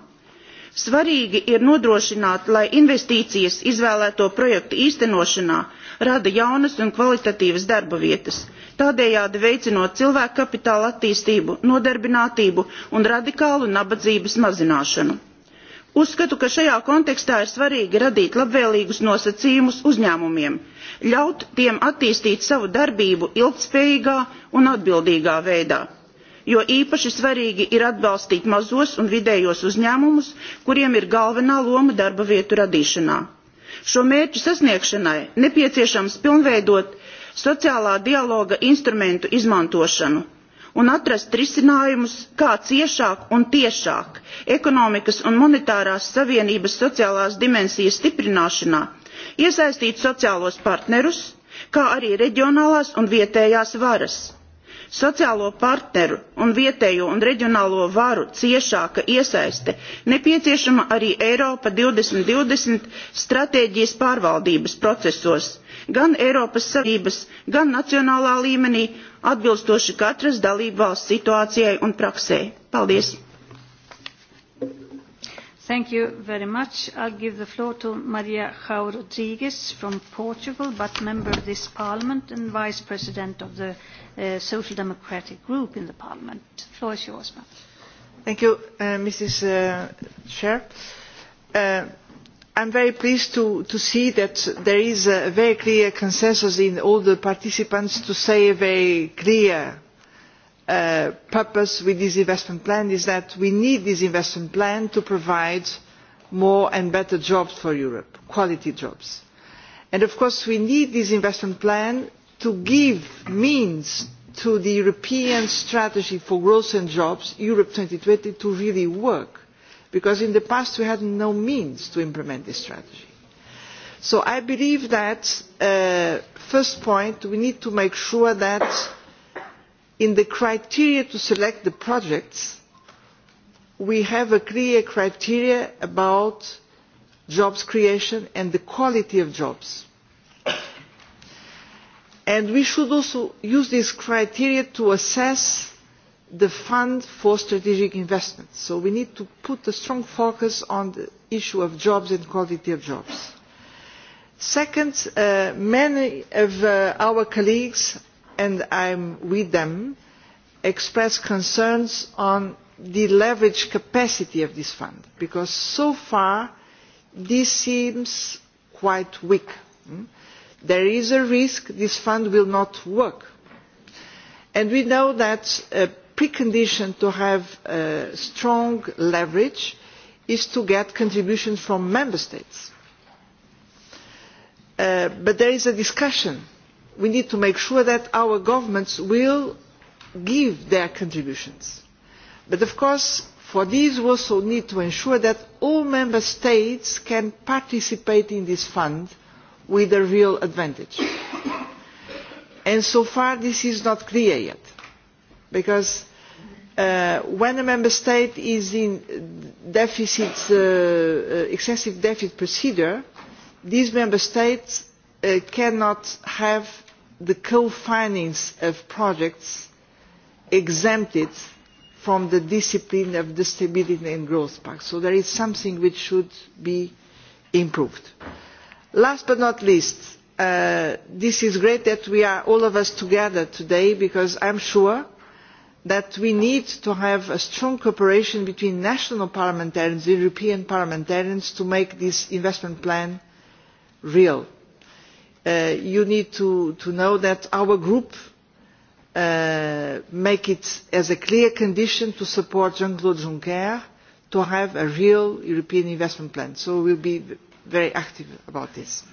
svarīgi ir nodrošināt lai investīcijas izvēlēto projektu īstenošanā rada jaunas un kvalitatīvas darba vietas tādējādi veicinot cilvēku kapitāla attīstību nodarbinātību un radikālu nabadzības mazināšanu. uzskatu ka šajā kontekstā ir svarīgi radīt labvēlīgus nosacījumus uzņēmumiem ļaut tiem attīstīt savu darbību ilgtspējīgā un atbildīgā veidā jo īpaši svarīgi ir atbalstīt mazos un vidējos uzņēmumus kuriem ir galvenā loma darba vietu radīšanā. šo mērķu sasniegšanai nepieciešams pilnveidot sociālā dialoga instrumentu izmantošanu un atrast risinājumus kā ciešāk un tiešāk ekonomikas un monetārās savienības sociālās dimensijas stiprināšanā iesaistīt sociālos partnerus kā arī reģionālās un vietējās varas sociālo partneru un vietējo un reģionālo varu ciešāka iesaiste nepieciešama arī eiropa 2020 stratēģijas pārvaldības procesos gan eiropas savienības gan nacionālā līmenī atbilstoši katras dalībvalsts situācijai un praksē. paldies! Thank you very much. I'll give the floor to Maria João Rodrigues from Portugal, but member of this Parliament and Vice President of the uh, Social Democratic Group in the Parliament. The floor is yours, ma'am. Thank you, uh, Mrs. Uh, I'm very pleased to, to see that there is a very clear consensus in all the participants to say a very clear The uh, purpose with this investment plan is that we need this investment plan to provide more and better jobs for europe quality jobs and of course we need this investment plan to give means to the european strategy for growth and jobs europe two twenty to really work because in the past we had no means to implement this strategy. so i believe that uh, first point we need to make sure that in the criteria to select the projects we have a clear criteria about jobs creation and the quality of jobs and we should also use this criteria to assess the fund for strategic investments so we need to put a strong focus on the issue of jobs and quality of jobs. second uh, many of uh, our colleagues and i am with them express concerns on the leverage capacity of this fund because so far this seems quite weak. Hmm? there is a risk this fund will not work and we know that a precondition to have strong leverage is to get contributions from member states. Uh, but there is a discussion we need to make sure that our governments will give their contributions. But of course, for this we also need to ensure that all Member States can participate in this fund with a real advantage. And so far this is not clear yet, because uh, when a Member State is in deficit, uh, uh, excessive deficit procedure, these Member States cannot have the co finance of projects exempted from the discipline of the stability and growth pact so there is something which should be improved. last but not least uh, this is great that we are all of us together today because i am sure that we need to have a strong cooperation between national parliamentarians and european parliamentarians to make this investment plan real Uh, you need to, know that our group uh, makes it as a clear condition to support jean claude juncker to have a real european investment plan so we will be very active about this.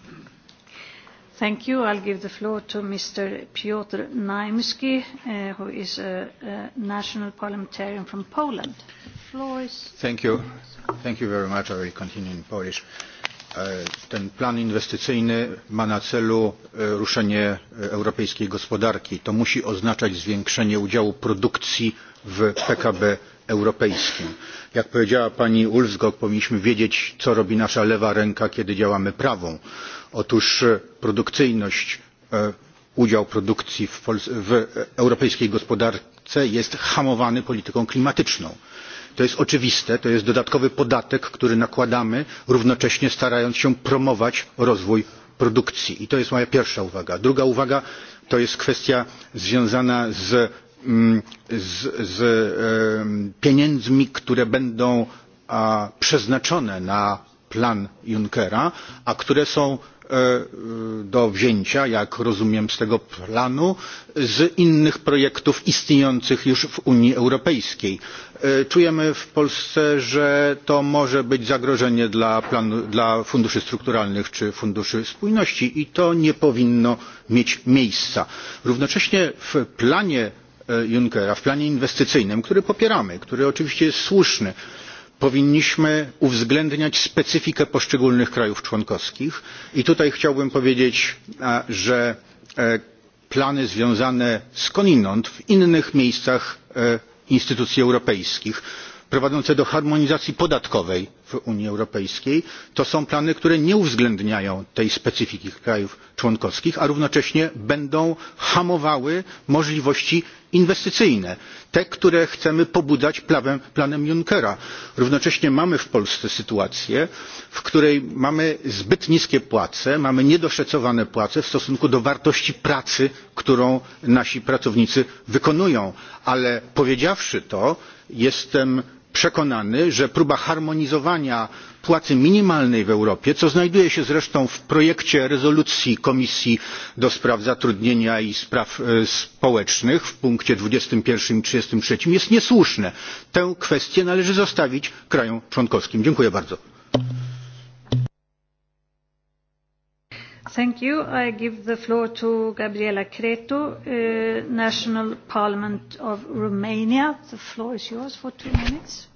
Thank you. give the floor to Mr. Piotr Naimski, uh, who is a, national parliamentarian from Poland. Thank you. Thank you very much. I will continue in Polish. E, ten plan inwestycyjny ma na celu e, ruszenie e, europejskiej gospodarki to musi oznaczać zwiększenie udziału produkcji w pkb europejskim. jak powiedziała pani ulvskog powinniśmy wiedzieć co robi nasza lewa ręka kiedy działamy prawą. otóż produkcyjność udział produkcji w europejskiej gospodarce jest hamowany polityką klimatyczną to jest oczywiste to jest dodatkowy podatek który nakładamy równocześnie starając się promować rozwój produkcji i to jest moja pierwsza uwaga. druga uwaga to jest kwestia związana z, mm, z, pieniędzmi które będą przeznaczone na plan junckera a które są e, e, do wzięcia jak rozumiem z tego planu z innych projektów istniejących już w unii europejskiej. E, czujemy w polsce że to może być zagrożenie dla, funduszy strukturalnych czy funduszy spójności i to nie powinno mieć miejsca. równocześnie w planie junckera w planie inwestycyjnym który popieramy który oczywiście jest słuszny powinniśmy uwzględniać specyfikę poszczególnych krajów członkowskich i tutaj chciałbym powiedzieć że e, plany związane z skądinąd w innych miejscach e, instytucji europejskich prowadzące do harmonizacji podatkowej w unii europejskiej to są plany które nie uwzględniają tej specyfiki krajów członkowskich a równocześnie będą hamowały możliwości inwestycyjne te które chcemy pobudzać planem junckera. równocześnie mamy w polsce sytuację w której mamy zbyt niskie płace mamy niedoszacowane płace w stosunku do wartości pracy którą nasi pracownicy wykonują ale powiedziawszy to jestem przekonany że próba harmonizowania płacy minimalnej w europie co znajduje się zresztą w projekcie rezolucji komisji do spraw zatrudnienia i spraw e, społecznych w punkcie dwadzieścia jeden i trzydzieści trzy jest niesłuszne. tę kwestię należy zostawić krajom członkowskim. dziękuję bardzo. Thank you. I give the floor to Gabriela Creto, uh, National Parliament of Romania. The floor is yours for two minutes.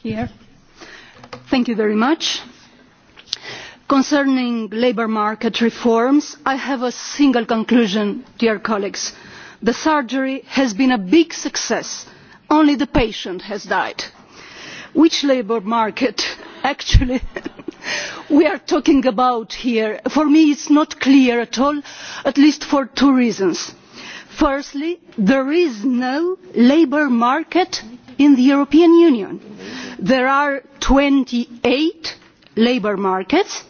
Here. Thank you very much. Concerning labour market reforms, I have a single conclusion, dear colleagues. The surgery has been a big success. Only the patient has died. Which labour market actually we are talking about here for me is not clear at all at least for two reasons. firstly there is no labour market in the european union. there are twenty eight labour markets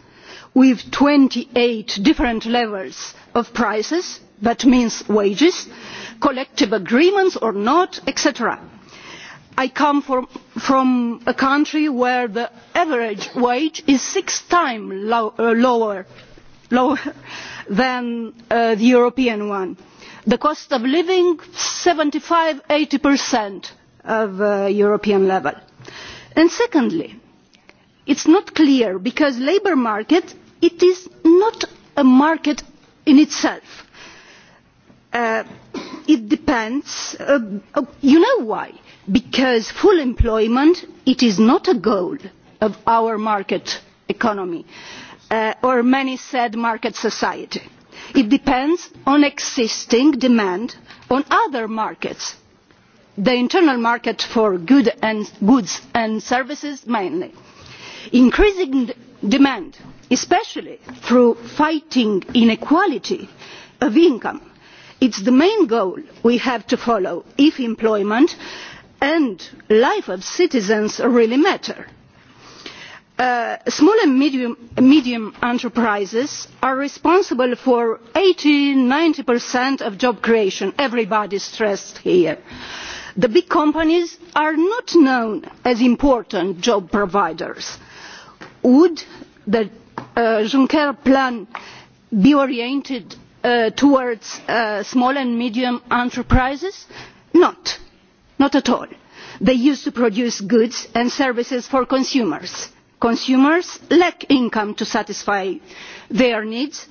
with twenty eight different levels of prices that means wages collective agreements or not etc i come from, a country where the average wage is six times uh, lower, than uh, the european one the cost of living seventy five eighty of uh, european level. and secondly it's not clear because the labour market is not a market in itself. it depends you know why? because full employment is not a goal of our market economy uh, or many said market society. it depends on existing demand on other markets the internal market for good and, goods and services mainly. increasing demand especially through fighting inequality of income is the main goal we have to follow if employment and life of citizens really matter. Uh, small and medium, enterprises are responsible for eighty ninety of job creation everybody stressed here. the big companies are not known as important job providers. would the uh, juncker plan be oriented uh, towards small and medium enterprises? not not at all. they used to produce goods and services for consumers. consumers lack income to satisfy their needs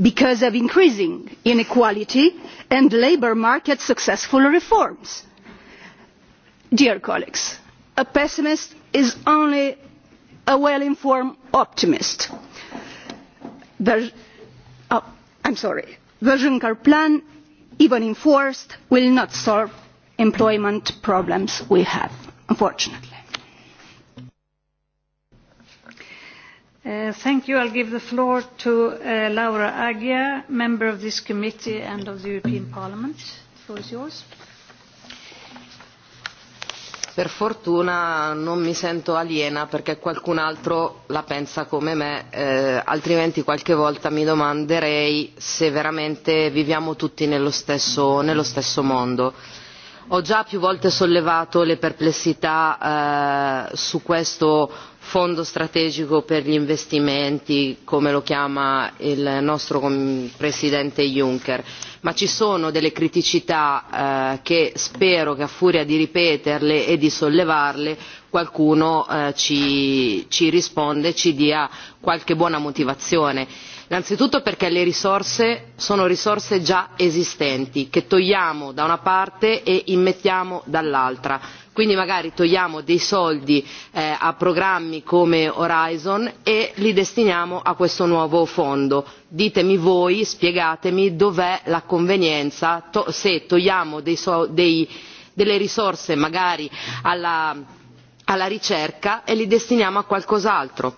because of increasing inequality and labour market successful reforms. Dear colleagues, a pessimist is only a well informed optimist. The, oh, sorry. the juncker plan even enforced will not solve employment problems we have unfortunately. Uh, thank you. I'll give the floor to uh, Laura Agia, member of this committee and of the European Parliament. The floor is yours. Per fortuna non mi sento aliena perché qualcun altro la pensa come me, eh, altrimenti qualche volta mi domanderei se veramente viviamo tutti nello stesso, nello stesso mondo ho già più volte sollevato le perplessità eh, su questo fondo strategico per gli investimenti come lo chiama il nostro presidente juncker ma ci sono delle criticità eh, che spero che a furia di ripeterle e di sollevarle qualcuno eh, ci, ci risponde e ci dia qualche buona motivazione innanzitutto perché le risorse sono risorse già esistenti che togliamo da una parte e immettiamo dall'altra quindi magari togliamo dei soldi eh, a programmi come horizon e li destiniamo a questo nuovo fondo ditemi voi spiegatemi dov'è la convenienza se togliamo delle risorse magari alla alla ricerca e li destiniamo a qualcos'altro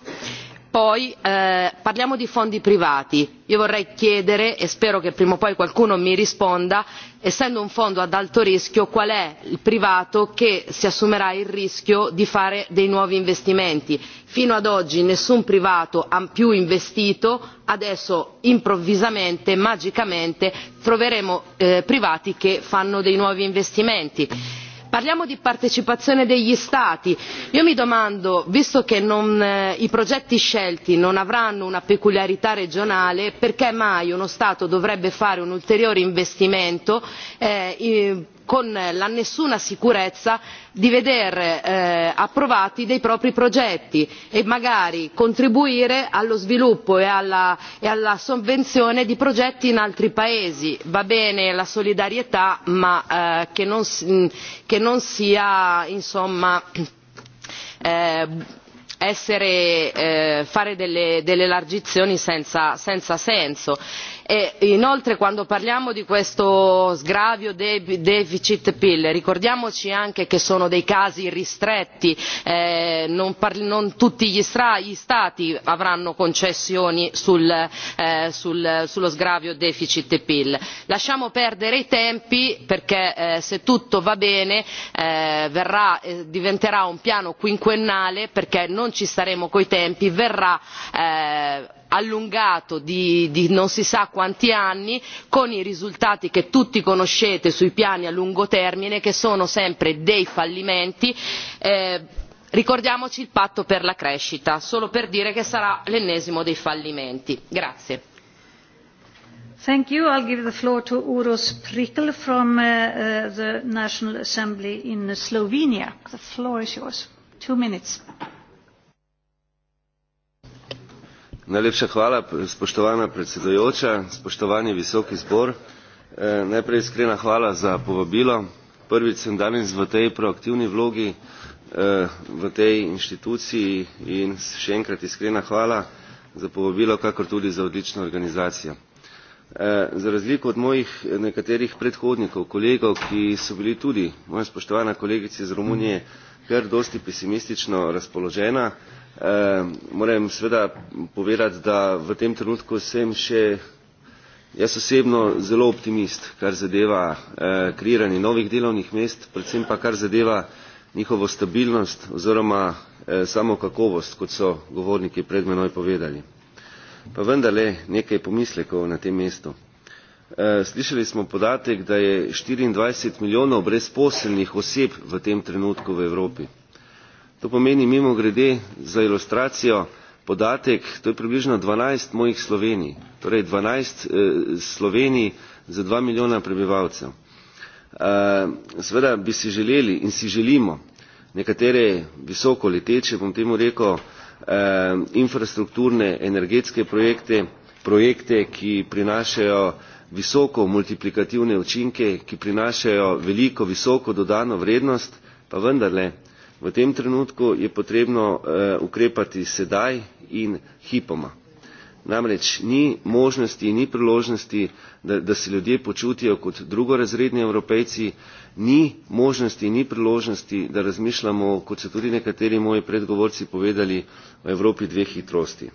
poi eh, parliamo di fondi privati io vorrei chiedere e spero che prima o poi qualcuno mi risponda essendo un fondo ad alto rischio qual è il privato che si assumerà il rischio di fare dei nuovi investimenti fino ad oggi nessun privato ha più investito adesso improvvisamente magicamente troveremo eh, privati che fanno dei nuovi investimenti parliamo di partecipazione degli stati io mi domando visto che eh, i progetti scelti non avranno una peculiarità regionale perché mai uno stato dovrebbe fare un ulteriore investimento eh, con la nessuna sicurezza di veder eh, approvati dei propri progetti e magari contribuire allo sviluppo e, e alla, sovvenzione di progetti in altri paesi va bene la solidarietà ma eh, mm, che, non, sia insomma eh, fare delle, senza senso e inoltre quando parliamo di questo sgravio deficit pil ricordiamoci anche che sono dei casi ristretti eh, non, tutti gli, stati avranno concessioni eh, sullo sgravio deficit pil. lasciamo perdere i tempi perché eh, se tutto va bene diventerà un piano quinquennale perché non ci staremo coi tempi verrà allungato di, non si sa quanti anni con i risultati che tutti conoscete sui piani a lungo termine che sono sempre dei fallimenti eh, ricordiamoci il patto per la crescita solo per dire che sarà l'ennesimo dei fallimenti. Najlepša hvala, spoštovana predsedujoča, spoštovani visoki zbor. E, najprej iskrena hvala za povabilo. Prvi sem danes v tej proaktivni vlogi e, v tej instituciji in še enkrat iskrena hvala za povabilo, kakor tudi za odlično organizacijo. E, za razliku od mojih nekaterih predhodnikov, kolegov, ki so bili tudi, moja spoštovana kolegica iz Romunije, kar dosti pesimistično razpoložena, Ehm, moram seveda povedati da v tem trenutku sem še jaz osebno zelo optimist kar zadeva eh, kreiranje novih delovnih mest predvsem pa kar zadeva njihovo stabilnost oziroma eh, samo kakovost kot so govorniki pred menoj povedali. pa vendarle nekaj pomislekov na tem mestu. Eh, slišali smo podatek da je 24 milijonov brezposelnih oseb v tem trenutku v evropi to pomeni mimo grede za ilustracijo podatek, to je približno 12 mojih Slovenij, torej 12 Sloveniji eh, Slovenij za 2 milijona prebivalcev. Eh, Sveda bi si želeli in si želimo nekatere visoko leteče, bom temu rekel, eh, infrastrukturne energetske projekte, projekte, ki prinašajo visoko multiplikativne učinke, ki prinašajo veliko, visoko dodano vrednost, pa vendarle v tem trenutku je potrebno eh, ukrepati sedaj in hipoma namreč ni možnosti ni priložnosti da, da se ljudje počutijo kot drugorazredni evropejci ni možnosti ni priložnosti da razmišljamo kot so tudi nekateri moji predgovorci povedali o evropi dveh hitrosti.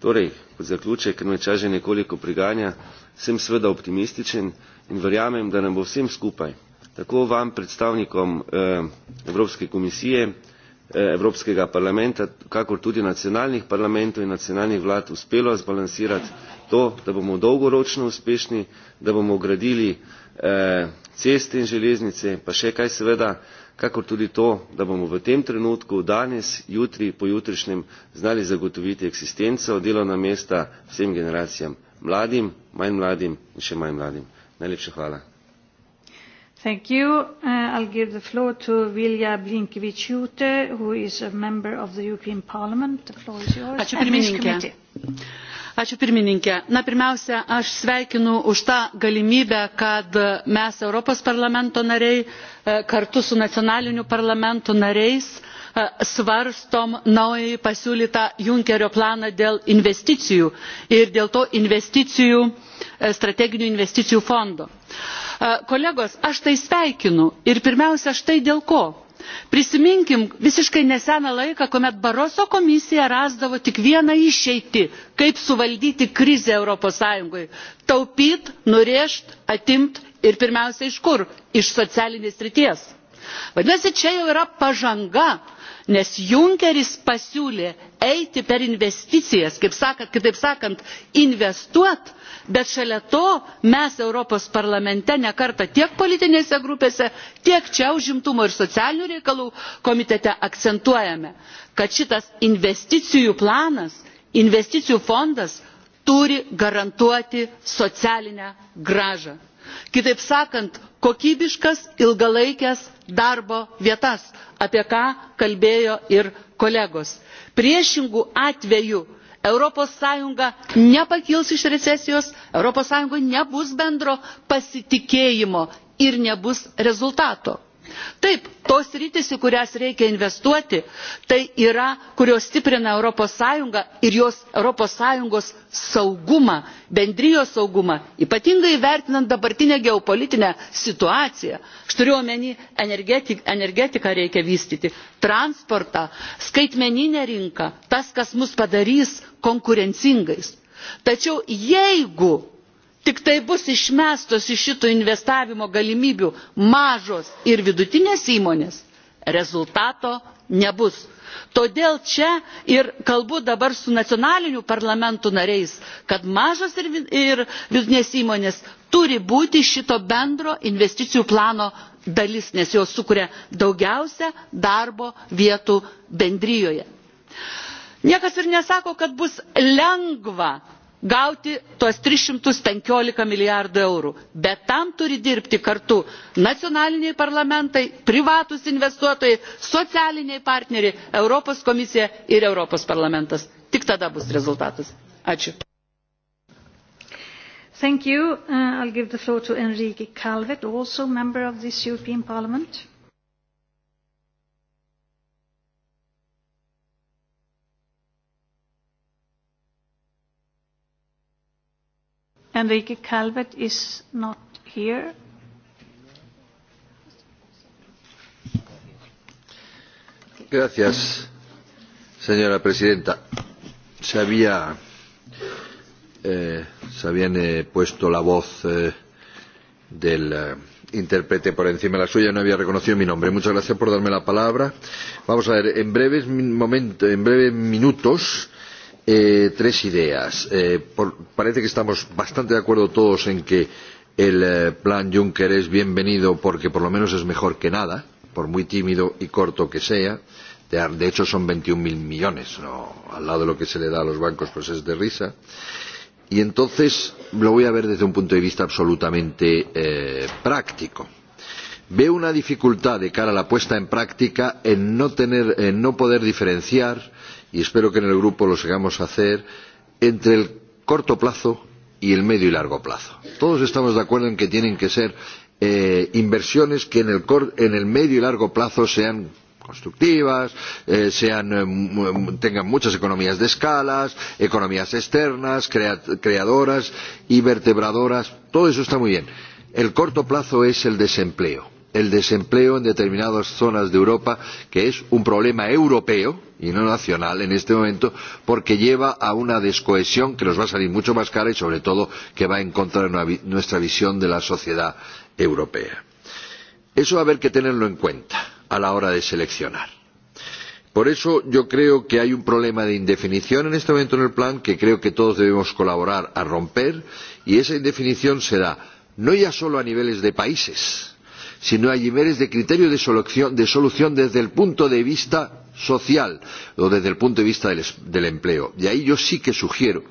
torej kot zaključek ker me čas nekoliko priganja sem seveda optimističen in verjamem da nam bo vsem skupaj tako vam predstavnikom eh, Evropske komisije, eh, Evropskega parlamenta, kakor tudi nacionalnih parlamentov in nacionalnih vlad uspelo zbalansirati to, da bomo dolgoročno uspešni, da bomo gradili eh, ceste in železnice, pa še kaj seveda, kakor tudi to, da bomo v tem trenutku danes, jutri, pojutrišnjem znali zagotoviti eksistenco, delovna mesta vsem generacijam, mladim, manj mladim in še manj mladim. Najlepša hvala. Thank you. Uh, I'll give the floor to Vilja Blinkevičiūtė, who is a member of the European Parliament. The floor is yours. Ačiū pirmininkė. Ačiū pirmininkė. Na, pirmiausia, aš sveikinu už tą galimybę, kad mes Europos parlamento nariai e, kartu su nacionaliniu parlamentu nariais e, svarstom naująjį pasiūlytą Junkerio planą dėl investicijų ir dėl to investicijų, e, strateginių investicijų fondo kolegos aš tai sveikinu ir pirmiausia štai dėl ko prisiminkime visiškai neseną laiką kuomet barroso komisija rasdavo tik vieną išeitį kaip suvaldyti krizę europos sąjungoje taupyti nurėžti atimti ir pirmiausia iš kur iš socialinės srities. vadinasi čia jau yra pažanga nes junkeris pasiūlė eiti per investicijas sakant, kitaip sakant investuoti bet šalia to mes europos parlamente ne kartą tiek politinėse grupėse tiek čia užimtumo ir socialinių reikalų komitete akcentuojame kad šitas investicijų planas investicijų fondas turi garantuoti socialinę grąžą kitaip sakant kokybiškas ilgalaikes darbo vietas apie ką kalbėjo ir kolegos priešingu atveju europos sąjunga nepakils iš recesijos europos sąjungoje nebus bendro pasitikėjimo ir nebus rezultato taip tos sritys į kurias reikia investuoti tai yra kurios stiprina europos sąjungą ir jos europos sąjungos saugumą bendrijos saugumą ypatingai vertinant dabartinę geopolitinę situaciją aš turiu omeny energetiką reikia vystyti transportą skaitmeninę rinką tas kas mus padarys konkurencingais tačiau jeigu tik tai bus išmestos iš šito investavimo galimybių mažos ir vidutinės įmonės, rezultato nebus. Todėl čia ir kalbu dabar su nacionalinių parlamentu nariais, kad mažos ir vidutinės įmonės turi būti šito bendro investicijų plano dalis, nes jos sukuria daugiausia darbo vietų bendrijoje. Niekas ir nesako, kad bus lengva gauti tuos tris šimtus penkiolika milijardų eurų bet tam turi dirbti kartu nacionaliniai parlamentai privatūs investuotojai socialiniai partneriai europos komisija ir europos parlamentas tik tada bus rezultatas. ačiū. is not here. Gracias, señora presidenta. Eh, se, había, se eh, puesto la voz eh, del intérprete por encima de la suya no había reconocido mi nombre. Muchas gracias por darme la palabra. Vamos a ver, en breves, momento, en breves minutos eh, tres ideas. Eh, parece que estamos bastante de acuerdo todos en que el eh, plan Juncker es bienvenido porque por lo menos es mejor que nada, por muy tímido y corto que sea. De, hecho son 21.000 millones, ¿no? al lado de lo que se le da a los bancos pues es de risa. Y entonces lo voy a ver desde un punto de vista absolutamente eh, práctico veo una dificultad de cara a la puesta en práctica en no, tener, en no poder diferenciar y espero que en el grupo lo sigamos hacer entre el corto plazo y el medio y largo plazo. Todos estamos de acuerdo en que tienen que ser eh, inversiones que en el, en el medio y largo plazo sean constructivas, eh, sean, eh, tengan muchas economías de escalas, economías externas, creadoras y vertebradoras. Todo eso está muy bien. El corto plazo es el desempleo el desempleo en determinadas zonas de Europa, que es un problema europeo y no nacional en este momento, porque lleva a una descohesión que nos va a salir mucho más cara y, sobre todo, que va en contra de nuestra visión de la sociedad europea. Eso va a haber que tenerlo en cuenta a la hora de seleccionar. Por eso yo creo que hay un problema de indefinición en este momento en el plan que creo que todos debemos colaborar a romper y esa indefinición se da no ya solo a niveles de países, si no hay niveles de criterio de solución, de solución desde el punto de vista social o desde el punto de vista del, empleo. y ahí yo sí que sugiero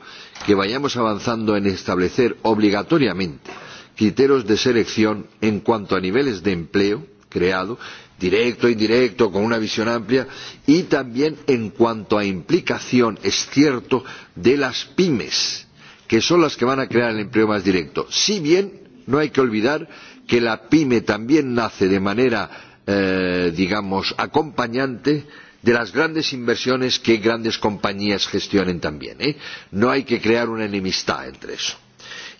que vayamos avanzando en establecer obligatoriamente criterios de selección en cuanto a niveles de empleo creado directo e indirecto con una visión amplia y también en cuanto a implicación es cierto de las pymes que son las que van a crear el empleo más directo si bien no hay que olvidar que la pyme también nace de manera eh, digamos acompañante de las grandes inversiones que grandes compañías gestionen también. ¿eh? no hay que crear una enemistad entre eso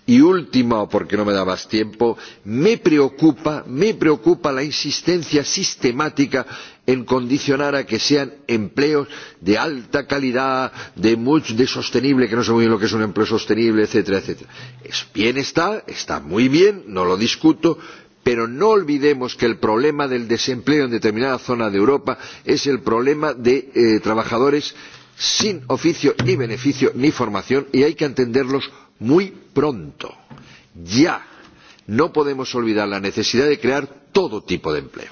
y último porque no me da más tiempo me preocupa me preocupa la insistencia sistemática en condicionar a que sean empleos de alta calidad de, de sostenible que no sé muy bien lo que es un empleo sostenible etcétera etcétera es, bien está está muy bien no lo discuto pero no olvidemos que el problema del desempleo en determinada zona de europa es el problema de eh, trabajadores sin oficio ni beneficio ni formación y hay que entenderlos muy pronto ya no podemos olvidar la necesidad de crear todo tipo de empleo.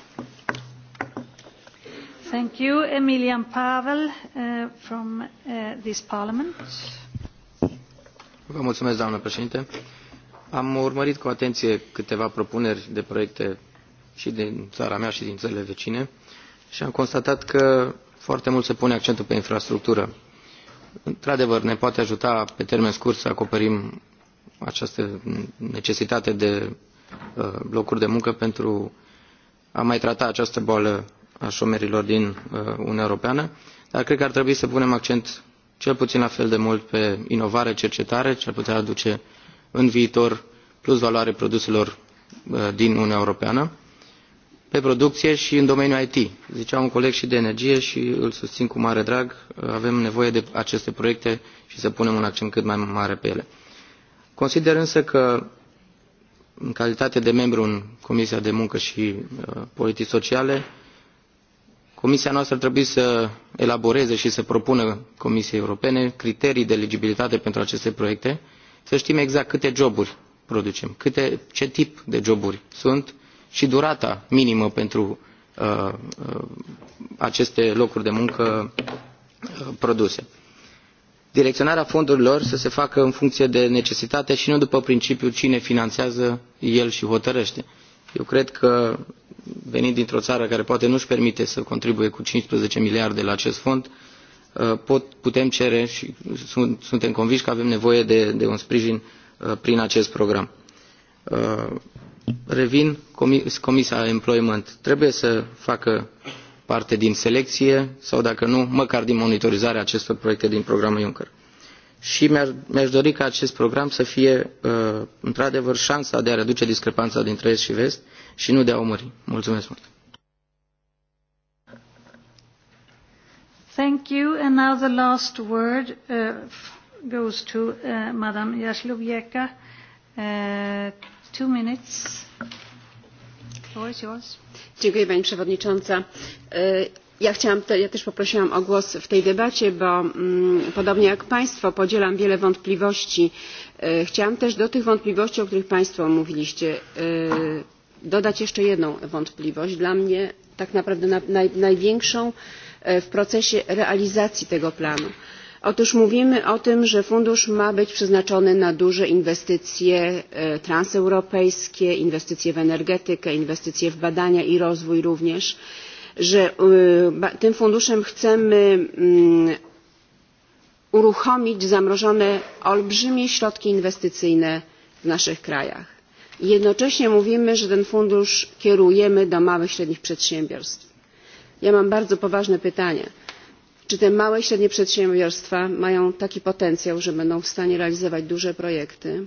Thank you, Emilian Pavel, uh, from, uh, this parliament. Vă mulțumesc, doamnă președinte. Am urmărit cu atenție câteva propuneri de proiecte și din țara mea și din țările vecine și am constatat că foarte mult se pune accentul pe infrastructură într adevăr ne poate ajuta pe termen scurt să acoperim această necesitate de uh, locuri de muncă pentru a mai trata această boală a șomerilor din uh, uniunea europeană dar cred că ar trebui să punem accent cel puțin la fel de mult pe inovare cercetare ce ar putea aduce în viitor plus valoare produselor uh, din uniunea europeană pe producție și în domeniul IT. Zicea un coleg și de energie și îl susțin cu mare drag. Avem nevoie de aceste proiecte și să punem un accent cât mai mare pe ele. Consider însă că, în calitate de membru în Comisia de Muncă și uh, Politici Sociale, Comisia noastră ar trebui să elaboreze și să propună Comisiei Europene criterii de eligibilitate pentru aceste proiecte, să știm exact câte joburi producem, câte, ce tip de joburi sunt, și durata minimă pentru uh, uh, aceste locuri de muncă uh, produse. Direcționarea fondurilor să se facă în funcție de necesitate și nu după principiul cine finanțează, el și hotărăște. Eu cred că venind dintr-o țară care poate nu-și permite să contribuie cu 15 miliarde la acest fond, pot, putem cere și sunt, suntem convinși că avem nevoie de, de un sprijin prin acest program revin Comisia Employment. Trebuie să facă parte din selecție sau, dacă nu, măcar din monitorizarea acestor proiecte din programul Juncker. Și mi-aș dori ca acest program să fie, uh, într-adevăr, șansa de a reduce discrepanța dintre Est și Vest și nu de a o Mulțumesc mult! Thank you. And now the last word uh, goes to uh, Madam Jaslubieka. Dziękuję Pani Przewodnicząca. E, ja, chciałam, ja też poprosiłam o głos w tej debacie, bo mm, podobnie jak Państwo podzielam wiele wątpliwości. E, chciałam też do tych wątpliwości, o których Państwo mówiliście, e, dodać jeszcze jedną wątpliwość. Dla mnie tak naprawdę największą w procesie realizacji tego planu Otóż mówimy o tym, że fundusz ma być przeznaczony na duże inwestycje e, transeuropejskie, inwestycje w energetykę, inwestycje w badania i rozwój również, że e, tym funduszem chcemy mm, uruchomić zamrożone olbrzymie środki inwestycyjne w naszych krajach. Jednocześnie mówimy, że ten fundusz kierujemy do małych i średnich przedsiębiorstw. Ja mam bardzo poważne pytanie czy te małe i średnie przedsiębiorstwa mają taki potencjał że będą w stanie realizować duże projekty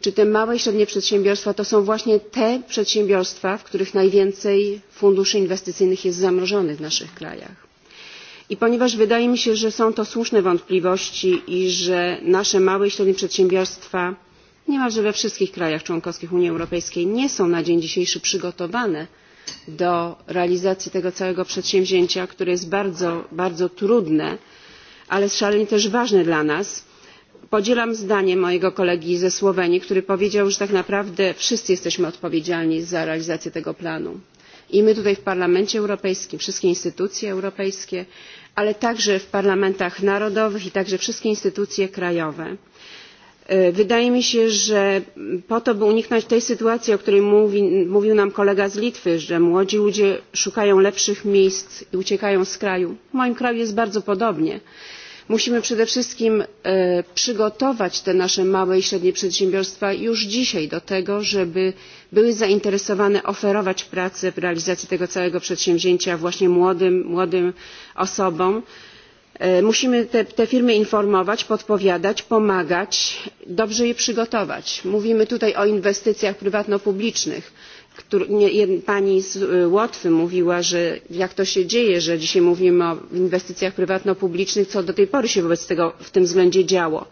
czy te małe i średnie przedsiębiorstwa to są właśnie te przedsiębiorstwa w których najwięcej funduszy inwestycyjnych jest zamrożonych w naszych krajach i ponieważ wydaje mi się że są to słuszne wątpliwości i że nasze małe i średnie przedsiębiorstwa niemalże we wszystkich krajach członkowskich unii europejskiej nie są na dzień dzisiejszy przygotowane do realizacji tego całego przedsięwzięcia które jest bardzo bardzo trudne ale szalenie też ważne dla nas. podzielam zdanie mojego kolegi ze słowenii który powiedział że tak naprawdę wszyscy jesteśmy odpowiedzialni za realizację tego planu i my tutaj w parlamencie europejskim wszystkie instytucje europejskie ale także w parlamentach narodowych i także wszystkie instytucje krajowe. E, wydaje mi się że po to by uniknąć tej sytuacji o której mówił nam kolega z litwy że młodzi ludzie szukają lepszych miejsc i uciekają z kraju w moim kraju jest bardzo podobnie musimy przede wszystkim e, przygotować te nasze małe i średnie przedsiębiorstwa już dzisiaj do tego żeby były zainteresowane oferować pracę w realizacji tego całego przedsięwzięcia właśnie młodym, młodym osobom E, musimy te, firmy informować podpowiadać pomagać dobrze je przygotować. mówimy tutaj o inwestycjach prywatno publicznych. pani z e, łotwy mówiła że jak to się dzieje że dzisiaj mówimy o inwestycjach prywatno publicznych co do tej pory się wobec tego w tym względzie działo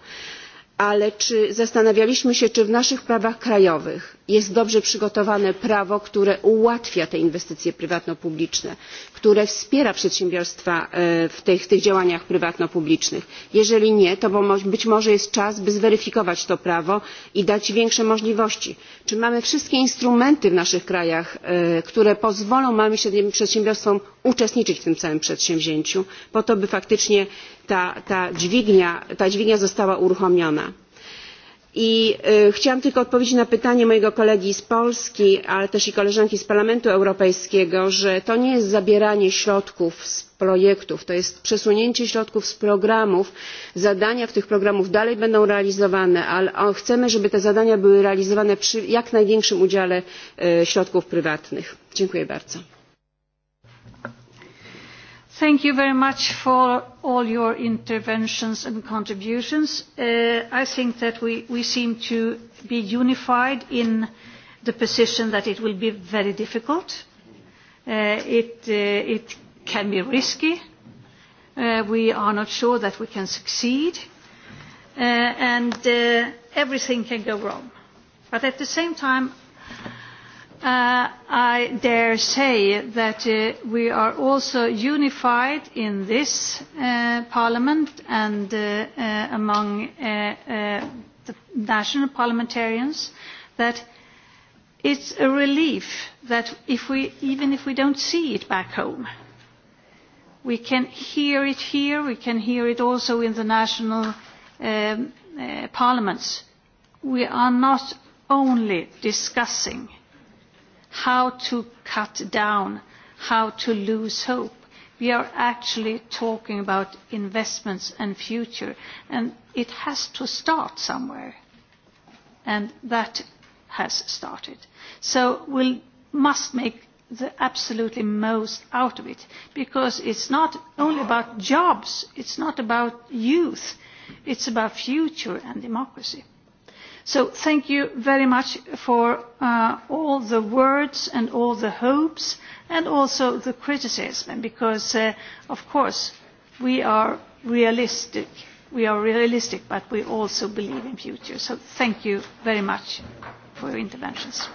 ale czy zastanawialiśmy się czy w naszych prawach krajowych jest dobrze przygotowane prawo które ułatwia te inwestycje prywatno publiczne które wspiera przedsiębiorstwa e, w tych, działaniach prywatno publicznych. jeżeli nie to być może jest czas by zweryfikować to prawo i dać większe możliwości. czy mamy wszystkie instrumenty w naszych krajach e, które pozwolą małym i średnim przedsiębiorstwom uczestniczyć w tym całym przedsięwzięciu po to by faktycznie ta dźwignia została uruchomiona? i e, chciałam tylko odpowiedzieć na pytanie mojego kolegi z polski ale też i koleżanki z parlamentu europejskiego że to nie jest zabieranie środków z projektów to jest przesunięcie środków z programów zadania w tych programach dalej będą realizowane ale chcemy żeby te zadania były realizowane przy jak największym udziale e, środków prywatnych. dziękuję bardzo. Thank you very much for all your interventions and contributions. Uh, I think that we, we seem to be unified in the position that it will be very difficult. Uh, it, uh, it can be risky. Uh, we are not sure that we can succeed. Uh, and uh, everything can go wrong. But at the same time, Uh, I dare say that uh, we are also unified in this uh, Parliament and among the national parliamentarians that it's a relief that if we, even if we don't see it back home, we can hear it here, we can hear it also in the national um, parliaments. We are not only discussing how to cut down, how to lose hope. We are actually talking about investments and future, and it has to start somewhere. And that has started. So we must make the absolutely most out of it, because it's not only about jobs, it's not about youth, it's about future and democracy so thank you very much for uh, all the words and all the hopes and also the criticism because uh, of course we are realistic we are realistic but we also believe in future so thank you very much for your interventions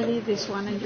leave